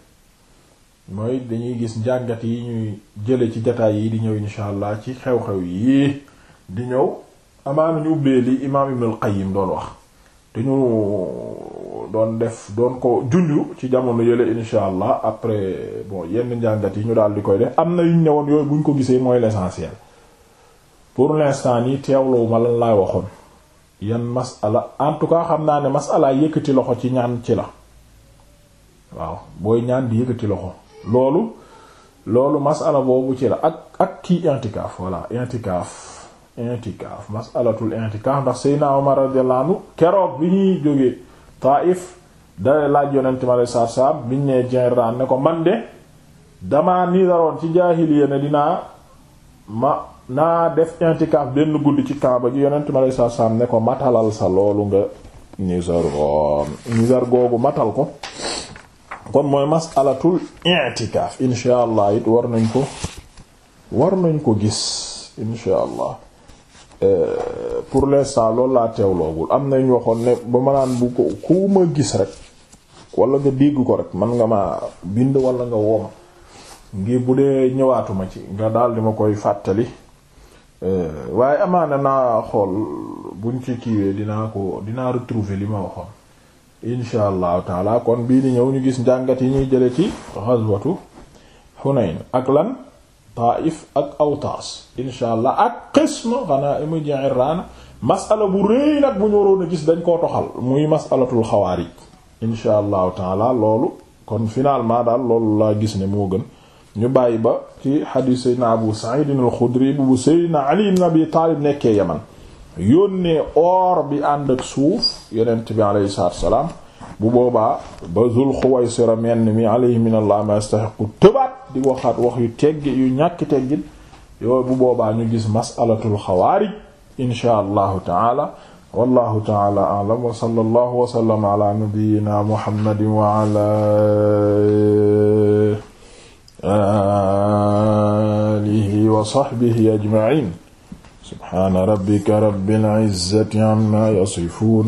mooy dañuy gis njàngat yi ñuy jële ci jataay yii di ñëw insha allah ci xew-xew yii di ñëw amaana ñu ubbee li imaam Ibn al-Qayyim doon wax te ñu doon def doon ko junju ci jamono yële insha allah après yenn njàngat yi ñu daal di koy def am na yu ñu ñëwoon yooyu bu ñu ko gisee mooy l'essentiel pour l'instant yi teewloo ma lan laay waxoon yan masala en tout cas xam naa ne masala yëkkati loxo ci ñaan ci la waaw booy ñaan di yëkkati loxo loolu loolu masala boobu ci la ak ak kii intikaaf voilà intikaaf intikaaf masalatul intikaaf ndax Seydina Omar radiyallahu anhu keroog bi ñuy jógee Taif da laaj yonente mi alei saatu salaam biñ nee Jiraan ne ko man de damaa nii ci jaahiliya ne dinaa ma naa def intikaaf benn guddi ci Kaaba gi yonente mi alei saatu salaam ne ko matalal sa loolu nga nisargoon nisar googu matal ko kon mooy masalatul intikaaf insha allah it war nañ ko war nañ ko gis insha allah Euh, pour l'instant loolu laa teewloogul am na nañ waxoon ne ba ma naan bu ko ku ma gis rek wala nga dégg ko rek man nga ma bind wala nga wooma ngir bu dee ñëwaatuma ci nga daal di ma koy fàttali euh, waaye amaana naa xool buñ ci kiiwee dinaa ko dinaa retrouver li ma waxoon insha allahu taala kon bii di ñëw ñu gis njàngat yi ñuy jële ci ghazwatu Hunayn ak lan Taif ak Awtaas insha allah ak xisma xanaa imu Ji'irraana masala bu rëy nag bu ñu waroon a gis dañ koo toxal muy masalatul xawaarij insha allahu taala loolu kon finalement daal loolu laa gis ne moo gën ñu bàyyi ba ci xadiis Seydina Abu Sa'id al-Xudri bu Seydina Ali ibn Abi Taalib nekkee Yaman yónnee or bi ànd ak suuf yonent bi alayhi salaatu wa salaam bu boobaa ba zul xuwaysira menn mi alayhi minallah ma yastaxiqu tëbaat di waxaat wax yu teggi yu ñàkki teggit yooyu bu boobaa ñu gis masalatul xawaarij insha allahu taala wallahu taala alam wa sallallahu wa sallama ala nabiyyina muhammadin wa ala alihi wa sahbihi ajma'in subhana rabbika rabbil izzati amma yasifun